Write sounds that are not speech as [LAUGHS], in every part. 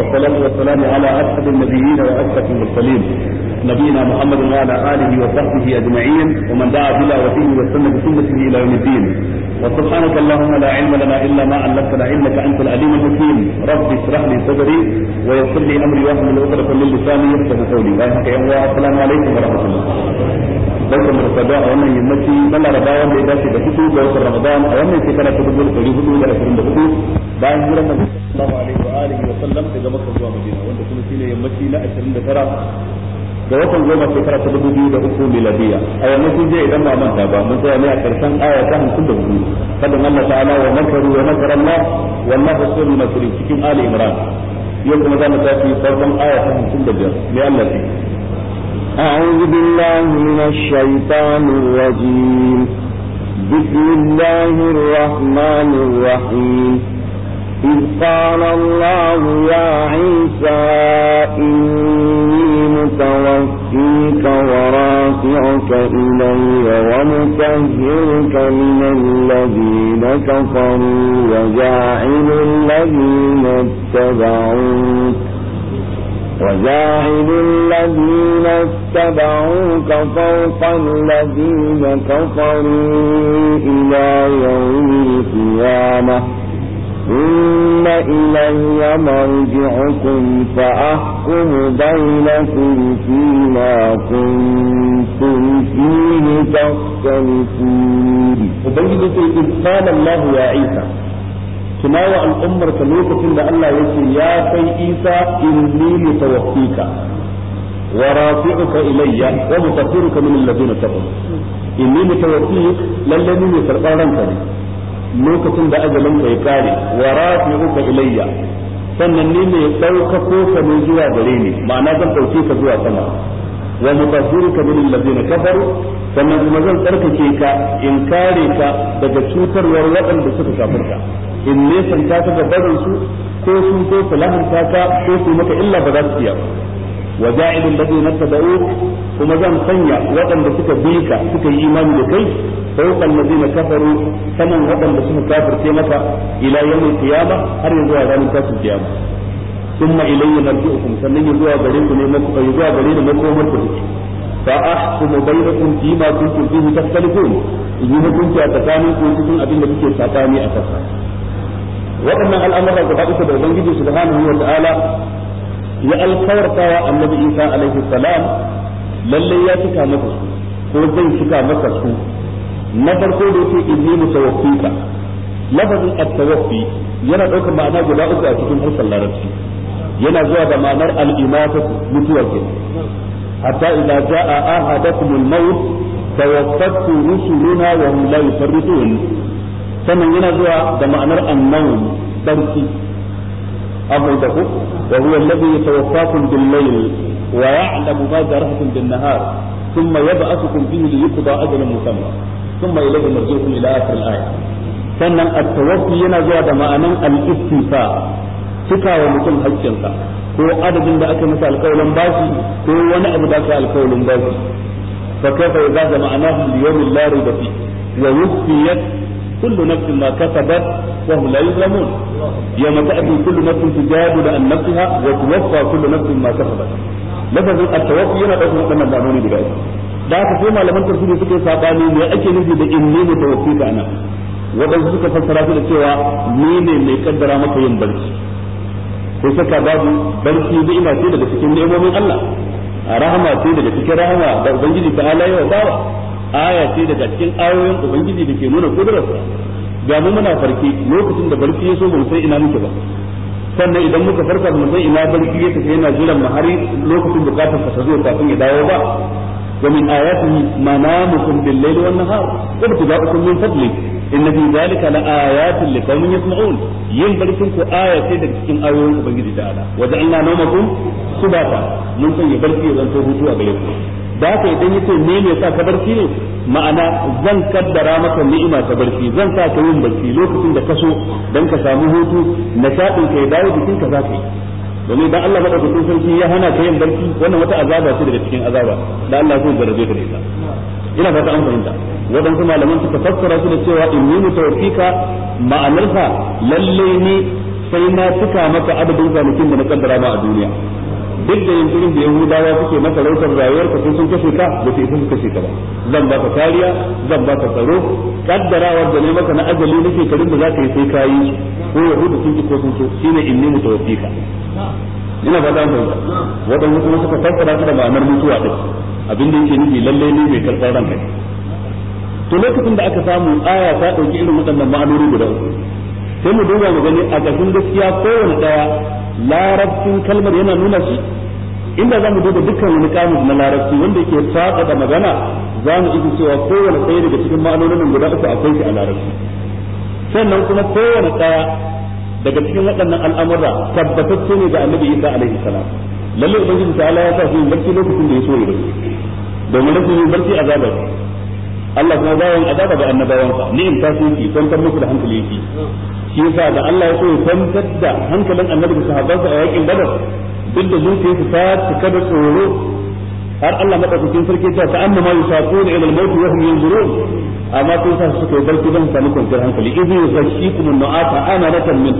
والصلاة والسلام على أسعد النبيين وأشرف المرسلين نبينا محمد وعلى اله وصحبه اجمعين ومن دعا بلا وسيله واستنى بسنته الى يوم الدين وسبحانك اللهم لا علم لنا الا ما علمتنا انك انت العليم الحكيم ربي اشرح لي صدري ويسر لي امري واحمد عذرة من لساني يفقه قولي لا يحكي يوم السلام عليكم ورحمه الله barkan mu da sadaqa a wannan yammaci dan laraba wanda ya dace da fitu da wannan ramadan a wannan shekara ta 2024 bayan jira na sallallahu alaihi wa alihi wa sallam daga makka zuwa madina wanda kuma shine yammaci na 29 da watan goma shekara ta dubu biyu da uku miladiya a yanzu sun je idan ba manta ba mun tsaya ne a karshen aya ta hamsin da hudu kadan Allah ta'ala wa makaru wa makar Allah wallahu sulu makri cikin Ali Imran yau kuma za mu tafi farkon aya ta hamsin da biyar me Allah ce أعوذ بالله من الشيطان الرجيم بسم الله الرحمن الرحيم إذ قال الله يا عيسى إني متوفيك ورافعك إلي ومطهرك من الذين كفروا وجاعل الذين اتبعوك وجاعل الذين اتبعوك فوق الذين كفروا إلى يوم القيامة ثم إلي مرجعكم فأحكم بينكم فيما كنتم فيه تختلفون ذلك إذ قال الله يا عيسى كما وعن أمر كلوكة إن الله يقول يا في عيسى إني متوفيك ورافعك إلي ومطهرك من الذين كفروا إني متوفيك لن لم يفرقا لنك lokacin da ajalin ka ya kare wa uka ilayya sannan ni mai dauka ko ka ne zuwa gare ni ma'ana zan dauke ka zuwa sama wa mutahhiruka min alladhina kafaru sannan kuma zan tsarkake ka in kare ka daga cutarwar waɗanda suka kafirta in ne san ka ga ko sun ko lahanta ka ko su maka illa ba za ba wa ja'ilul ladina tabi'u kuma zan sanya waɗanda suka bi ka suka yi imani da kai sauƙan fawqa alladhina kafaru saman waɗanda suka kafirce maka ila yawmil qiyama har yanzu a ranar tashin kiyama thumma ilayya marji'ukum sannan zuwa gare ku ne zuwa gare ni makomar ku fa ahkumu bainakum fima kuntum fihi takhtalifun in yi hukunci a tsakanin ku cikin abin da kuke sabani a kansa waɗannan al'amuran guda uku da ubangiji subhanahu wa ta'ala ya wa annabi isa alaihi salam lalle ya cika masa su ko zai cika masa su na farko da yake inni mutawaffika lafazin at-tawaffi yana daukar ma'ana guda uku a cikin harshen larabci yana zuwa da ma'anar al imata mutuwa ke hatta idza jaa ahadakum al-maut tawaffatu rusuluna wa hum la yufarritun sannan yana zuwa da ma'anar an-nawm barci أبعده وهو الذي يتوفاكم بالليل ويعلم ما جرحتم بالنهار ثم يبعثكم فيه ليقضى أجل مسمى ثم إليه مرجعكم إلى آخر الآية كان التوفي ينزع دماء من الاستيفاء سكا ومتم حجنك هو عدد من ذلك مثل القول باسي هو ونعم ذلك القول باسي فكيف يزاد معناه اليوم لا ريب فيه ويخفيت kullu nafsin ma kasabat wa hum la yuzlamun yawma ta'ti kullu nafsin tujadilu an nafsiha wa tuwaffa kullu nafsin ma kasabat lafazin at-tawaffi yana daukar wannan zamani guda da haka sai malaman tafsiri suke sabani me ake nufi da inni ta ana wadansu suka fassara su da cewa ni ne mai kaddara maka yin barci ko saka babu barci da ina ce daga cikin ne'imomin Allah rahama ce daga cikin rahama da ubangiji ta ala yawa bawa aya ce daga cikin ayoyin ubangiji da ke nuna kudurarsa ga mu muna farke lokacin da barci ya so ba mu ina muke ba sannan idan muka farka ba mu san ina barci ya tafi yana jiran mu hari lokacin bukatar sa zo kafin ya dawo ba wa min ayatihi manamukum bil layli wan nahar wa ibtidaa'ukum min fadli inna fi dhalika la ayatin liqaumin yasma'un yin barkin ku aya ce daga cikin ayoyin ubangiji ta'ala wa ja'alna nawmakum subata mun san ya barci ya zanto hutu a gare ku da haka idan yace me ne sa ka barci ne ma'ana zan kaddara maka ni'ima ta barci zan sa ka yin barci lokacin da kaso dan ka samu hutu nishadin ka ya da jikin ka za ka yi domin idan Allah madaukakin sarki ya hana ka yin barci wannan wata azaba ce daga cikin azaba da Allah zai garaje ka da ita ina fata an fahimta waɗansu malaman suka fassara su da cewa in yi mutawaffika ma'anarsa lalle ne sai na cika maka adadin kwanakin da na kaddara ma a duniya duk da yankin da yahudawa suke maka rautar rayuwarka sai sun kashe ka ba su sun kashe ka ba zan ba ka kariya zan ba ka tsaro kaddarawar da ne maka na ajali na karin da za ka yi sai ka yi ko yahudu sun ki ko sun so shine inni mutawaffika ina ba zan fahimta waɗanda mutum suka fassara su da ma'anar mutuwa din abin da yake nufi lalle ne mai karɓar ranka to lokacin da aka samu aya ta ɗauki irin waɗannan ma'anoni guda uku sai mu duba mu gani a ƙarshen gaskiya kowane daya larabcin kalmar yana nuna shi inda za mu duba dukkan wani kamus na larabci wanda yake da magana za mu iya cewa kowane ɗaya daga cikin ma'anonin guda uku akwai shi a larabci sannan kuma kowane daya daga cikin waɗannan al'amura tabbatacce ne ga annabi isa alaihi salam lalle ubangiji ta ala ya sa shi barci lokacin da ya so ya rasu domin rashin barci a ne Allah kuma bayan azaba ga annabawansa ni in ta sun kwantar muku da hankali yake shi yasa da Allah ya so kwantar da hankalin annabi da sahabbansa a yakin badar duk da su ta cika da tsoro har Allah madaukakin sarki ta ta annama yusaquna ila al-maut wa hum yanzurun amma kun sa suka yi barci don samu kwanciyar hankali idhi yughashshikum an-nu'ata amanatan min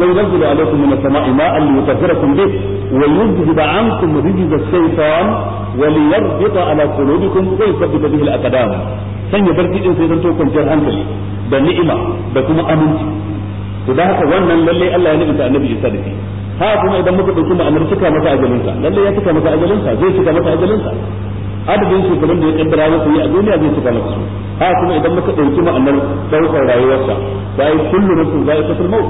wa yunzilu alaykum min as-sama'i ma'an liyutahhirakum bih wa yuzhiba 'ankum rijza ash-shaytan وليربط على قلوبكم ويثبت به الأقدام sanya barci din sai zanto kwanciyar hankali da ni'ima da kuma aminci to da haka wannan lalle Allah ya nufi ta annabi Isa da shi ha kuma idan muka dauki ma'anar cika masa ajalin sa lalle ya cika masa ajalin sa zai cika masa ajalin sa adadin shekarun da ya kaddara masa yi a duniya zai cika masa su ha kuma idan muka dauki ma'anar daukar rayuwar sa sai kullu nafsin za'iqatul maut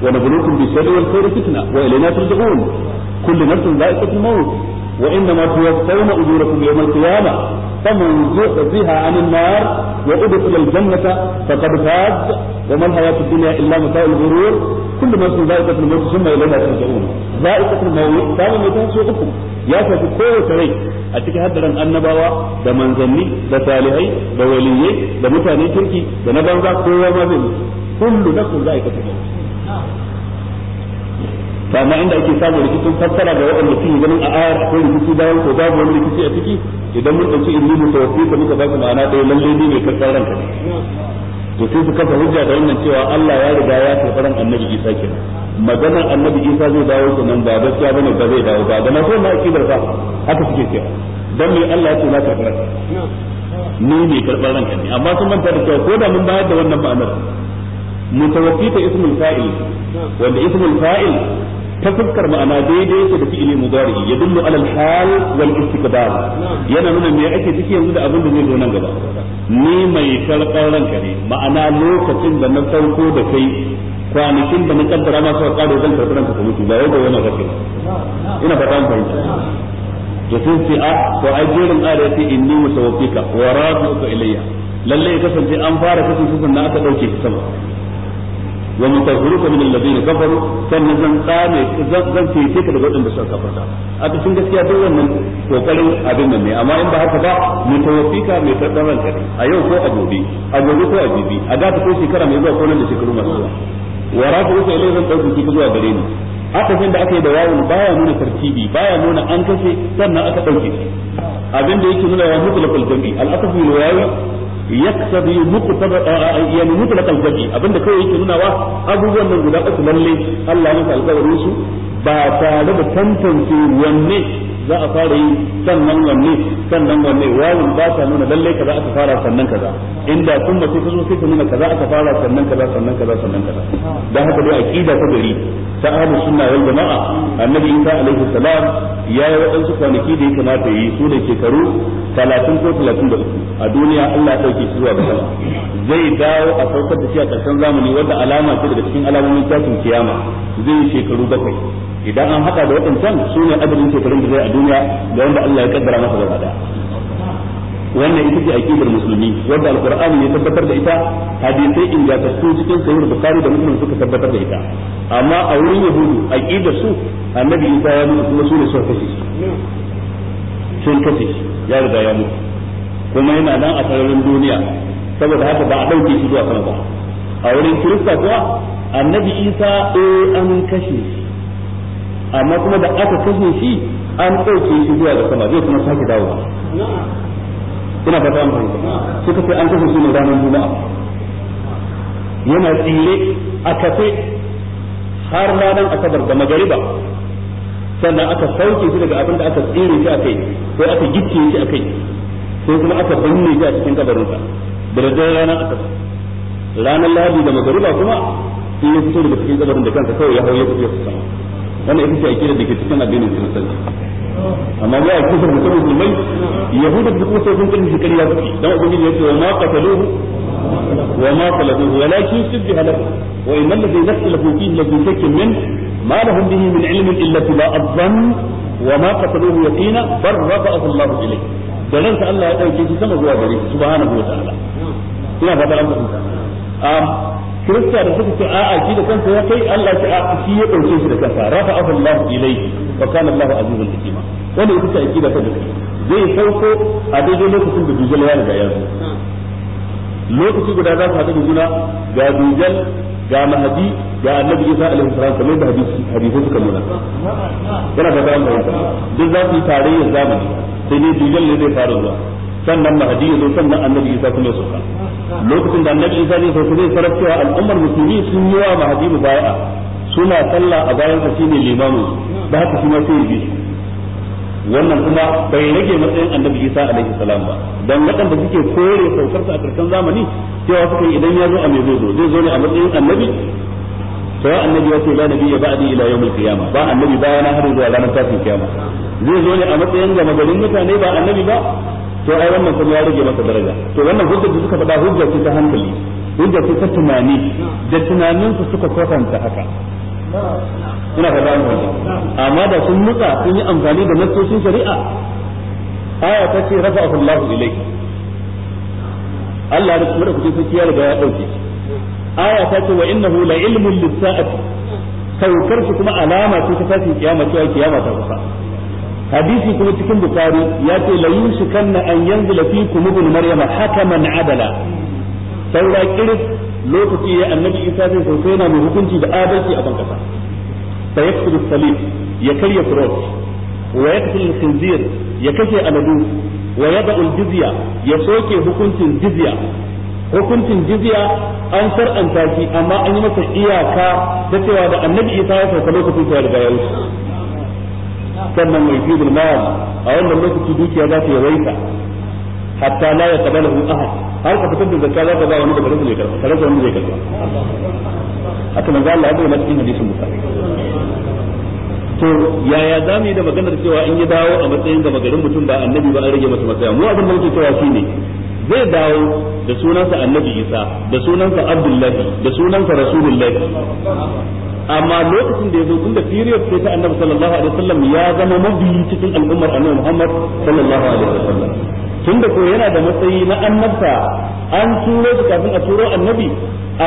wa nabluukum bi sharri wal khairi fitna wa ilayna turja'un kullu nafsin za'iqatul maut وإنما توفون أجوركم يوم القيامة فمن بها عن النار وأدخل الجنة فقد فاز وما الحياة الدنيا إلا متاع الغرور كل ما نفس ذائقة الموت ثم إلينا ترجعون ذائقة الموت كان متاع سوقكم يا سيدي كل rai a cikin haddaran annabawa da manzanni ده صالحي ده ولي ده متاني تركي ده na banza kowa ma zai mutu kullu nafsin to amma inda ake samun rikicin fassara ga waɗanda yi ganin a ayar akwai rikici bayan ko babu wani rikici a ciki idan mun ɗauki inni mu tawaffi ka muka baka ma'ana ɗaya lalle ne mai karɓar ranka ne to sai su kafa hujja da wannan cewa Allah ya riga ya karɓar annabi Isa kenan maganar annabi Isa zai dawo nan ba gaskiya bane ba zai dawo ba da na na akidar ba haka suke cewa dan me Allah ya ce na karɓar ni ne karɓar ranka ne amma sun manta da cewa ko da mun bayar da wannan ma'anar ta ismul fa'il wanda ismul fa'il ta fuskar ma'ana daidai yake da fi'ili mudari ya dullu alal hal wal istiqbal yana nuna me ake ciki yanzu da abin da zai zo nan gaba ni mai karɓar ranka ne ma'ana lokacin da na sauko da kai kwanakin da na kaddara ma sai kare zan karɓi ranka ka mutu ba yau da wani kake ina fata mun fahimta to sun ce a ah, to ai jerin ara yace inni mutawaffika wa rafi'uka ilayya lalle ya kasance an fara kashe sufin na aka dauke shi sama wa mutahhiruka min alladhina kafaru sannan zan tsame zan fice ka daga waɗanda suka kafarta a cikin gaskiya duk wannan kokarin abin nan ne amma in ba haka ba mutawaffika mai tsarran ka a yau ko a gobe a gobe ko a bibi a da ko shekara mai zuwa ko nan da shekaru masu zuwa wa rafu'uka ilayhi zan dauki ki zuwa gare ni akasin da aka yi da wawun baya nuna tartibi baya nuna an kashe sannan aka dauke shi abin da yake nuna wa mutlaqul jami al-aqfu lil wawi yaktabi muqtaba yani mutlaq al-jami abinda kawai yake nuna wa abubuwan nan guda uku lalle Allah ya alƙawarin su ba tare da tantance wanne za a fara yi sannan wanne sannan wanne wawin ba ta nuna lalle kaza aka fara sannan kaza inda kun mace ta zo sai ta nuna kaza aka fara sannan kaza sannan kaza sannan kaza dan haka dai aqida ta gari ta ahlus sunna wal jamaa annabi isa alaihi salam ya yi waɗansu kwanaki da ya kamata yi su da shekaru 30 ko 33 a duniya Allah ya dauke shi zuwa ga zai dawo a saukar da shi a ƙarshen zamani wanda alama ce daga cikin alamomin tashin kiyama zai yi shekaru bakwai idan an haka da waɗancan su ne adadin shekarun da zai a duniya da wanda Allah ya kaddara masa gaba da wannan ita ce aqidar musulmi wanda alqur'ani ya tabbatar da ita hadisai ingantattu cikin sahih bukhari da muslim suka tabbatar da ita amma a wurin yahudu aqidar su annabi isa ya mutu kuma su ne suka sun kashe ya riga ya mutu kuma yana nan a sararin duniya saboda haka ba a dauke shi zuwa sama ba a wurin kirista kuwa annabi isa eh an kashe shi amma kuma da aka kashe shi an ɗauke shi zuwa ga sama zai kuma sake dawo ina ba ta suka ce an kashe shi ne ranar juma'a yana tsire a kafe har ranar asabar da magariba sannan aka sauke shi daga abin da aka tsire shi a kai ko aka gicce shi a kai sai kuma aka binne shi a cikin kabarinsa da daddare ranar asabar ranar lahadi da magariba kuma in yi fito daga cikin kabarin da kansa kawai ya hau ya fito sama wannan ita ce akidar da ke cikin addinin kiristanci amma ya kufar mutum musulmai yahudu da kuma sai sun kirki kariya suke dan ubangiji ya ce wa ma qataluhu wa ma qalabuhu walakin shibbiha lahu wa innal ladhina ikhtalafu fihi lafi shakkin min ma lahum bihi min ilmin illa tibaa adh-dhann wa ma qataluhu yaqina bal rafa'ahu Allah ilayhi da ransa Allah ya dauke shi sama zuwa gare kirista da suka ce a'a shi da kansa ya kai Allah shi a shi ya dauke shi da kansa rafa'ahu Allah ilayhi wa kana Allah azizul hakima wanda ita ce akida ta gaske zai sauko a daidai lokacin da dujal ya riga ya zo lokaci guda za su haɗu da juna ga dujal ga mahadi ga annabi isa alaihi salam kamar da hadisi hadisi suka nuna yana da bayan bayan duk za su yi tarayyar zamani sai dai dujal ne zai fara zuwa sannan mahadi ya zo sannan annabi isa kuma ya sauka lokacin da annabi Isa ne sai zai farar cewa al'ummar musulmi sun yi wa mahadi bai'a suna sallah a bayan sa shine limamin da haka shi ma sai bi wannan kuma bai rage matsayin annabi Isa alaihi salam ba dan waɗanda suke kore saukar sa a karkan zamani cewa suka idan ya zo a me zai zo zai zo ne a matsayin annabi sai annabi ya ce la nabi ya ba'di ila yawmil qiyama ba annabi bayana har zuwa ranar tashin kiyama zai zo ne a matsayin gama garin mutane ba annabi ba to ai wannan kuma ya rage masa daraja to wannan hujjar da suka faɗa hujja ce ta hankali hujja ce ta tunani da tunanin su suka kwatanta haka ina faɗa wannan amma da sun nutsa sun yi amfani da nassoshin shari'a aya ta ce rafa'ahu Allah ilayhi Allah da kuma kuje sai ya riga ya dauke aya ta ce wa innahu la ilmun lis-sa'ati saukar kuma alama ce ta tashin kiyama cewa kiyama ta kusa hadisi kuma cikin bukari ya ce la yushikanna an yanzila fikum ibn maryama hakaman adala saura kiris lokaci ya annabi isa zai sauka yana mai hukunci da adalci a ban kasa fayaksuru salib ya karya furot wa yaktul khinzir ya kashe aladu wa yada'u jizya ya soke hukuncin jizya hukuncin jizya an sar'anta shi amma an yi masa iyaka ta cewa da annabi isa ya lokacin sa ya sannan mai fi mal a wannan lokaci dukiya za ta yawaita hatta la ya tabala hu ahad har ka fitar da zakka za ka ba wani daga zai karba ka rajul wani zai karba haka manzo Allah ya na cikin hadisin musa to yaya za mu yi da maganar cewa in ya dawo a matsayin da magarin mutum ba annabi ba an rage masa matsaya mu abin da muke cewa shine zai dawo da sunansa annabi isa da sunansa abdullahi da sunansa rasulullahi amma lokacin da ya zo inda period sai ta annabi sallallahu alaihi wasallam ya zama mabiyi cikin al'ummar annabi Muhammad sallallahu alaihi wasallam tunda ko yana da matsayi na annabta an turo shi kafin a turo annabi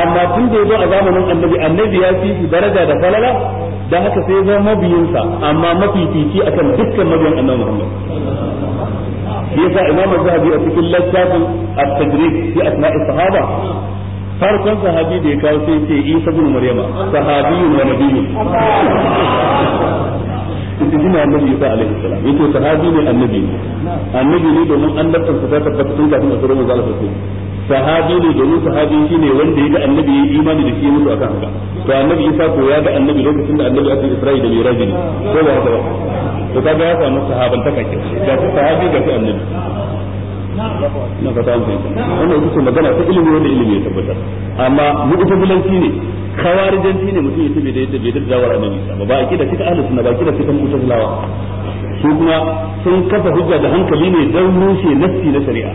amma tun da ya zo a zamanin annabi annabi ya fi shi daraja da falala dan haka sai ya zama mabiyinsa amma mafifici akan dukkan mabiyan annabi Muhammad yasa imamu zahabi a cikin littafin at-tadrib fi asma'i sahaba farkon sahabi da ya kawo sai ce Isa ibn Maryama sahabiyun wa nabiyyun ita jina annabi Isa alaihi salam yake sahabi ne annabi ne annabi ne domin annabtar sa ta tabbata tun kafin a tsoro manzo Allah sai sahabi ne domin sahabi shine wanda ya ga annabi ya imani da shi mutu akan haka to annabi Isa ko ya ga annabi lokacin da annabi aka Isra'i da Miraji ne ko ba haka ba to kaga ya samu sahaban take ga sahabi ga annabi na fata an fahimta wannan ita ce magana ta ilimi wanda ilimi ya tabbatar amma mu'tazilanci ne khawarijanci ne mutum ya tabe da yadda bai da dawar annabi ba ba akida kika ahlus sunna ba kida kika lawa. su kuma sun kafa hujja da hankali ne don rushe nassi na shari'a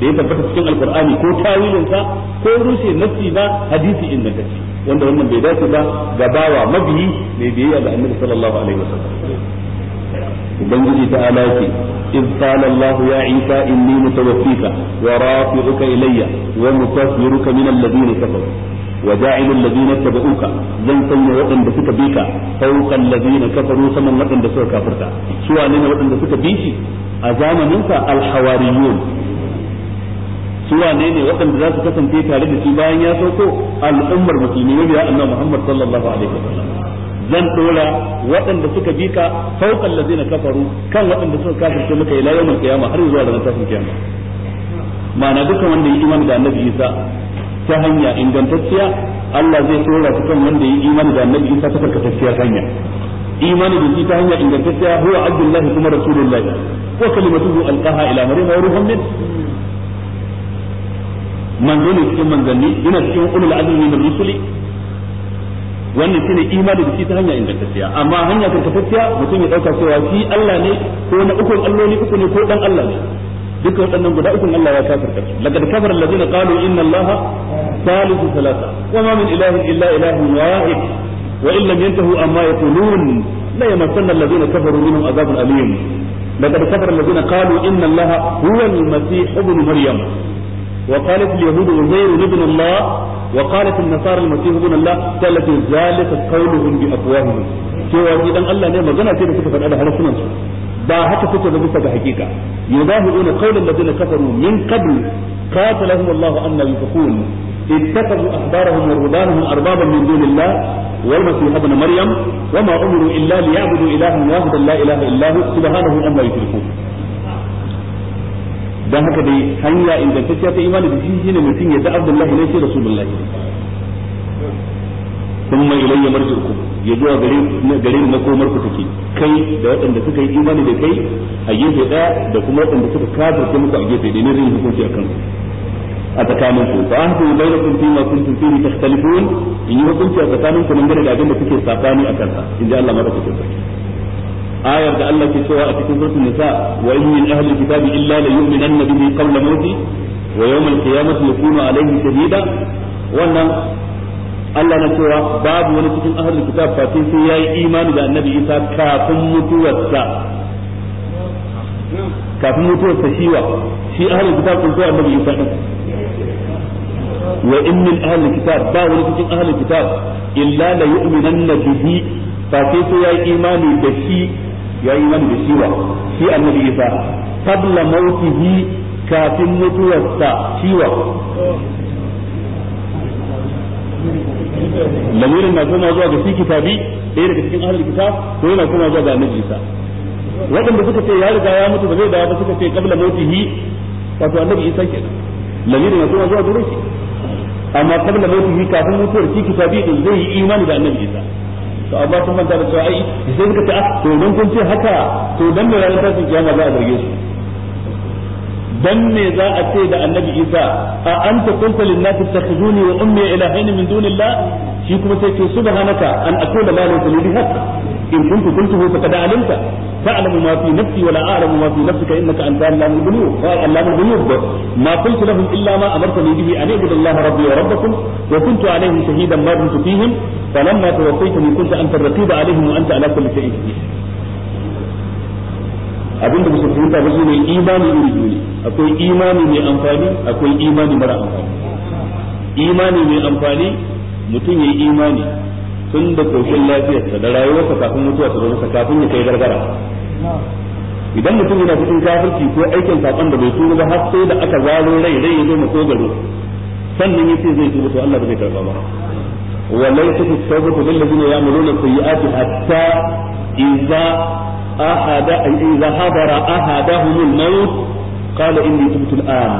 da ya tabbata cikin alkur'ani ko tawilinsa ko rushe nassi ba hadisi ingantacce wanda wannan bai dace ba ga bawa mabiyi mai biyayya da annabi sallallahu alaihi wasallam ubangiji ta ala ce إذ قال الله يا عيسى إني متوفيك ورافعك إلي ومطهرك من الذين كفروا وجاعل الذين اتبعوك زن سنة وطن دسك بيك فوق الذين كفروا سمن وطن دسك كافرك سوى لنا وطن دسك بيك أزام منك الحواريون suwa ne ne waɗanda za su kasance tare da shi bayan ya sauko al'ummar musulmi ne ya annabi Muhammad sallallahu alaihi wasallam zan dora waɗanda suka bi ka fawqal na kafaru kan waɗanda suka kafirce maka ila yawmil qiyamah har zuwa ranar tashin kiyama ma'ana dukkan wanda yi imani da annabi Isa ta hanya ingantacciya Allah zai dora su kan wanda yi imani da annabi Isa ta karkatacciyar hanya imani da shi ta hanya ingantacciya huwa abdullahi kuma rasulullahi wa kalimatuhu alqaha ila maryam wa ruhun min manzo ne cikin manzanni yana cikin ulul azmi na rusuli wannan shine imani da shi ta hanya ingantacciya amma hanya karkatacciya mutum ya dauka cewa shi Allah ne ko na ukun alloli uku ne ko dan Allah ne duka waɗannan guda ukun Allah ya kafirta su laqad kafara allazina qalu inna allaha thalithu thalatha wa ma min ilahin illa ilahun wahid wa in lam yantahu amma yaqulun la yamassanna allazina kafaru minhum azabun alim laqad kafara allazina qalu inna allaha huwa al-masih ibn maryam وقالت اليهود عزير ابن الله وقالت النصارى المسيح ابن الله قالت ذلك قولهم بافواههم cewa shi dan Allah ne magana ce da suka faɗa da harsunan su ba haka suke da bisa ga hakika yudahiruna qawlan ladina kafaru min qabl qatalahum Allah anna yufakun اتخذوا احبارهم ورهبانهم اربابا من دون الله والمسيح ابن مريم وما امروا الا ليعبدوا الها واحدا لا اله الا هو سبحانه عما يشركون dan haka dai hanya ingantacciya ta imani da shi shine mutum ya da Abdullahi ne shi Rasulullahi kuma ilayya marji'ukum ya zuwa gare gare ni makomar ku take kai da waɗanda suka yi imani da kai a gefe ɗaya da kuma waɗanda suka kafirce muku a gefe ɗaya ne rin hukunci akan a tsakanin ku fa ahdu bainakum fi ma kuntum fihi takhtalifun in yi hukunci a tsakanin ku nan da abin da kuke sabani akan in ji Allah madaukakin sarki ayar da Allah ke cewa a cikin suratul nisa wa in min ahli kitabi illa la yu'minanna bihi qabla mawti wa yawm al-qiyamati yakunu alayhi shahida wannan Allah na cewa babu wani cikin ahlul kitab fa sai sai yayi imani da annabi Isa kafin mutuwarsa kafin mutuwarsa shiwa shi ahlul kitab kun sai annabi Isa din wa in min ahlul kitab ba wani cikin ahlul kitab illa la yu'minanna bihi fa sai sai yayi imani da shi yayi yi da shi shi annabi isa qabla mautihi kafin mutuwarsa ciwa. wa lamirin na koma zuwa ga shi kitabi ɗaya daga cikin ahlul kitab ko yana koma zuwa ga annabi isa waɗanda suka ce ya riga ya mutu ba zai dawo ba suka ce qabla mautihi wato annabi isa kenan lamirin na koma zuwa ga shi amma qabla mautihi kafin mutuwar shi kitabi din zai yi imani da annabi isa to amma sun manta da cewa ai sai suka ce ah, to dan kun ce haka to dan me ranar tashin kiyama za a zarge su dan me za a ce da annabi Isa a anta qulta lin nas tattakhuduni wa ummi ilahayn min dunillah shi kuma sai ce subhanaka an aqula ma laysa li إن كنت قلته فقد علمت تعلم ما في نفسي ولا أعلم ما في نفسك إنك أنت علام الغيوب علام الغيوب ما قلت لهم إلا ما أمرتني به أن أعبد الله ربي وربكم وكنت عليهم شهيدا ما دمت فيهم فلما توفيتني كنت أنت الرقيب عليهم وأنت على كل شيء شهيد abinda ba su fahimta ba shine imani iri biyu ne akwai imani mai amfani akwai imani mara amfani imani mai amfani mutum ya yi imani tun da koshin lafiyarsa da rayuwarsa kafin mutuwa ta zo kafin ya kai gargara idan mutum yana cikin kafirci ko aikin sakon da bai tuba ba har sai da aka zaro rai rai ya zo makogaro sannan yace zai tuba to Allah ba zai karba ba wallahi tafi tawbatu lil ladina ya'maluna sayyi'ati hatta idza ahada ay idza hadara ahadahum al-maut qala inni tubtu al-an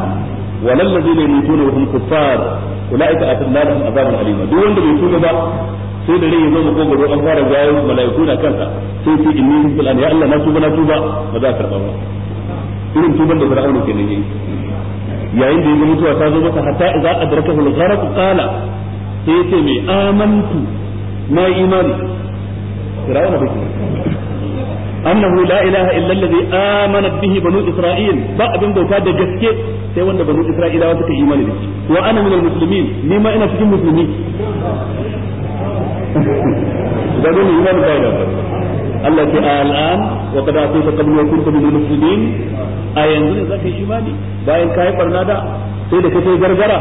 wa lil ladina yamutuna wa hum kuffar ulaika atallahum azabun alim duk wanda bai tuba ba sai da rai ya zo ko gado an fara gayan mala'iku na kanta sai ce inni fil an ya Allah na tuba na tuba ba za a karba ba irin tuban da fir'auna kenan yayi yayin da ya mutuwa ta zo masa hatta idza adrakahu al-gharq qala sai yace mai amantu na imani fir'auna ba annahu la ilaha illa alladhi amanat bihi banu isra'il ba abin bauta da gaske sai wanda banu isra'ilawa suka imani da shi wa ana min al-muslimin ni ma ina cikin musulmi da [LAUGHS] dole imani bai da Allah ce a al'an wa kada sai ta kabli wa kunta bil muslimin a yanzu ne zaka yi imani bayan ka yi barna da sai da kace gargara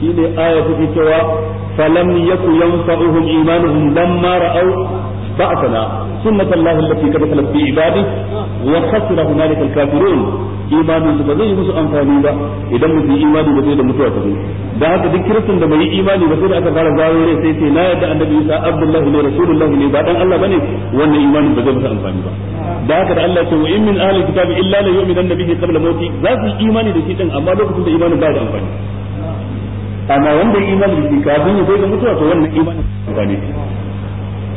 shine aya take cewa falam yaku yanfa'uhum imanuhum lamma ra'aw بعثنا سنة الله التي قد خلت في عباده وخسر هنالك الكافرون imanin su ba zai yi musu amfani ba idan mutum imani ba zai da mutuwa ta zai da haka duk kiristin da bai yi imani ba sai da aka fara zawo rai sai sai na yadda annabi Isa Abdullahi ne Rasulullahi ne ba dan Allah bane wannan imanin ba zai musu amfani ba da haka da Allah ya ce in min ahli kitabi illa la yu'minu bihi qabla mawti za su yi imani da shi din amma lokacin da imanin ba da wanda ya imani da shi kafin ya da mutuwa to imanin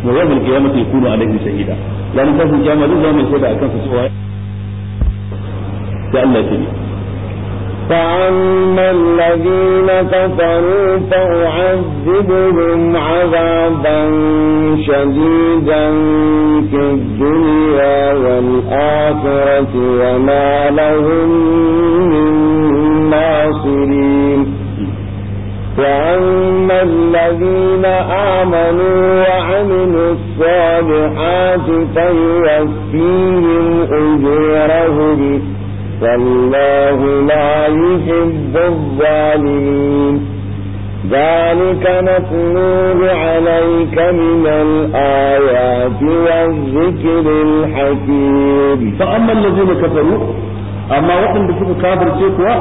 wa yawm al-qiyamati yakunu alayhi shahida lanin kafin kiyama duk zamu shaida akan su cewa da Allah ke فأما الذين كفروا فأعذبهم عذابا شديدا في الدنيا والآخرة وما لهم من ناصرين وأما الذين آمنوا وعملوا الصالحات فيوفيهم أجورهم والله لا يحب الظالمين ذلك نتلوه عليك من الآيات والذكر الحكيم فأما الذين كفروا amma waɗanda suka kafirce kuwa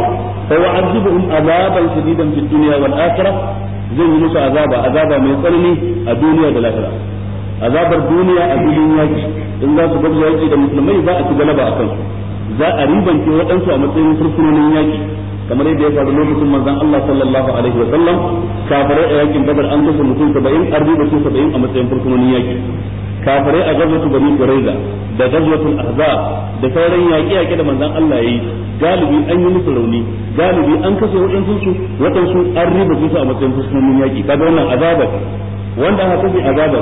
fa wa'adzibuhum azaban shadidan fid dunya wal akhirah zai yi musu azaba azaba mai tsanani a duniya da lahira azabar duniya a filin yaki in za su gwabza yaki da musulmai za a ci galaba a kansu za a ribance waɗansu a matsayin fursunonin yaki kamar yadda ya faru lokacin manzon Allah sallallahu alaihi wa sallam kafirai a yakin badar an kashe mutum 70 an riba su 70 a matsayin fursunonin yaki kafirai a gazwatu bani quraiza da gazwatul ahzab da sauran yaƙe yaƙe da manzon Allah yayi galibi an yi musu rauni galibi an kashe waɗansu su waɗansu an riba su a matsayin fuskunin yaƙi kaga wannan azaba wanda aka kashe azaba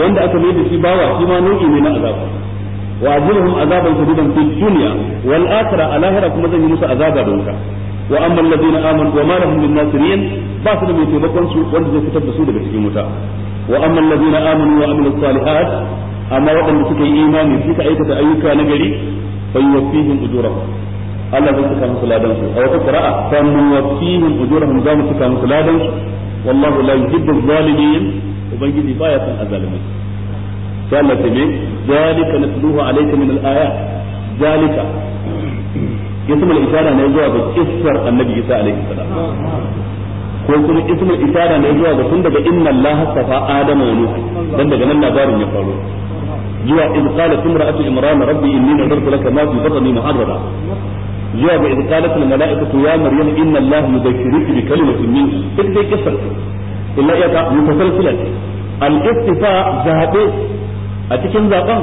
wanda aka mai da shi bawa shi ma nau'i ne na azaba wa ajilhum azaban shadidan fid dunya wal akhirah alahira kuma zan yi musu azaba da wuta wa amma alladhina amanu wa ma lahum min nasirin ba su da mai taimakon su wanda zai fitar da su daga cikin wuta wa amma alladhina amanu wa amilus amma waɗanda suka yi imani suka aikata ayyuka na gari fa yuwaffihim ujurahum Allah zai saka musu ladan a wata qira'a fa nuwaffihim ujurahum za mu saka musu ladan su wallahu la yuhibbu zalimin ubangiji baya san azalimai sai ta ne zalika alayka zuwa ga annabi Isa alaihi ko kuma ismul isara ne zuwa ga tun daga inna allaha safa adama wa nuh dan daga nan labarin ya faru zuwa in qalat imra'atu imran rabbi inni nadartu laka ma fi batni muharrara zuwa ga in qalat al mala'ikatu ya maryam inna allaha yudhakkiruki bi kalimatin min duk dai kisar illa ya ta mutasalsilat al-ittifa zahabe a cikin zaben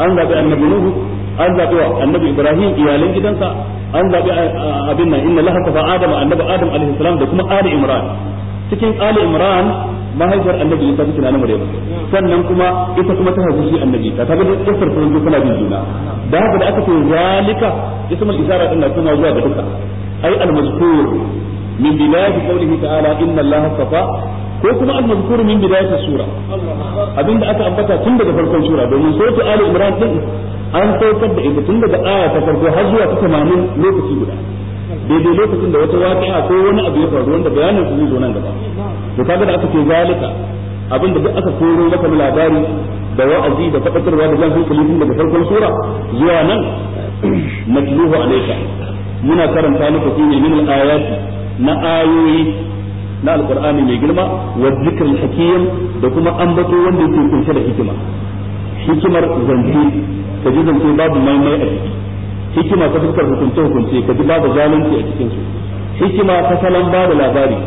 an zabi annabi nuhu an zabi wa annabi ibrahim iyalan gidansa an zabi eh, abin nan inna laha kafa adam annabi adam alaihi salam da kuma ali imran cikin ali imran mahaifiyar annabi isa take na maryam sannan kuma ita kuma ta haifi shi annabi ta kaga duk kasar sun ji kuna bin juna da haka da aka ce zalika ismul isara din na kuma zuwa ga duka ai al-mazkur min bilad qawlihi ta'ala inna laha kafa. ko kuma al-mazkur min bidayati sura abinda aka ambata tun daga farkon sura domin suratul ali imran din an saukar da ita tun daga aya ta farko har zuwa ta 80 lokaci guda daidai lokacin da wata waƙi'a ko wani abu ya faru wanda bayanin su zai zo nan gaba to kaga da aka ce zalika abinda duk aka koro maka labari da wa'azi da fadakarwa da jan hankali tun daga farkon sura zuwa nan matluhu alayka muna karanta muku fi min al-ayati na ayoyi na alqur'ani mai girma wa zikrul hakim da kuma ambato wanda yake kunshe da hikima hikimar zance ka ji zance babu mai mai a ciki hikima ta fuskar hukunce hukunce ka ji babu zalunci a cikin su hikima ta salon ba labari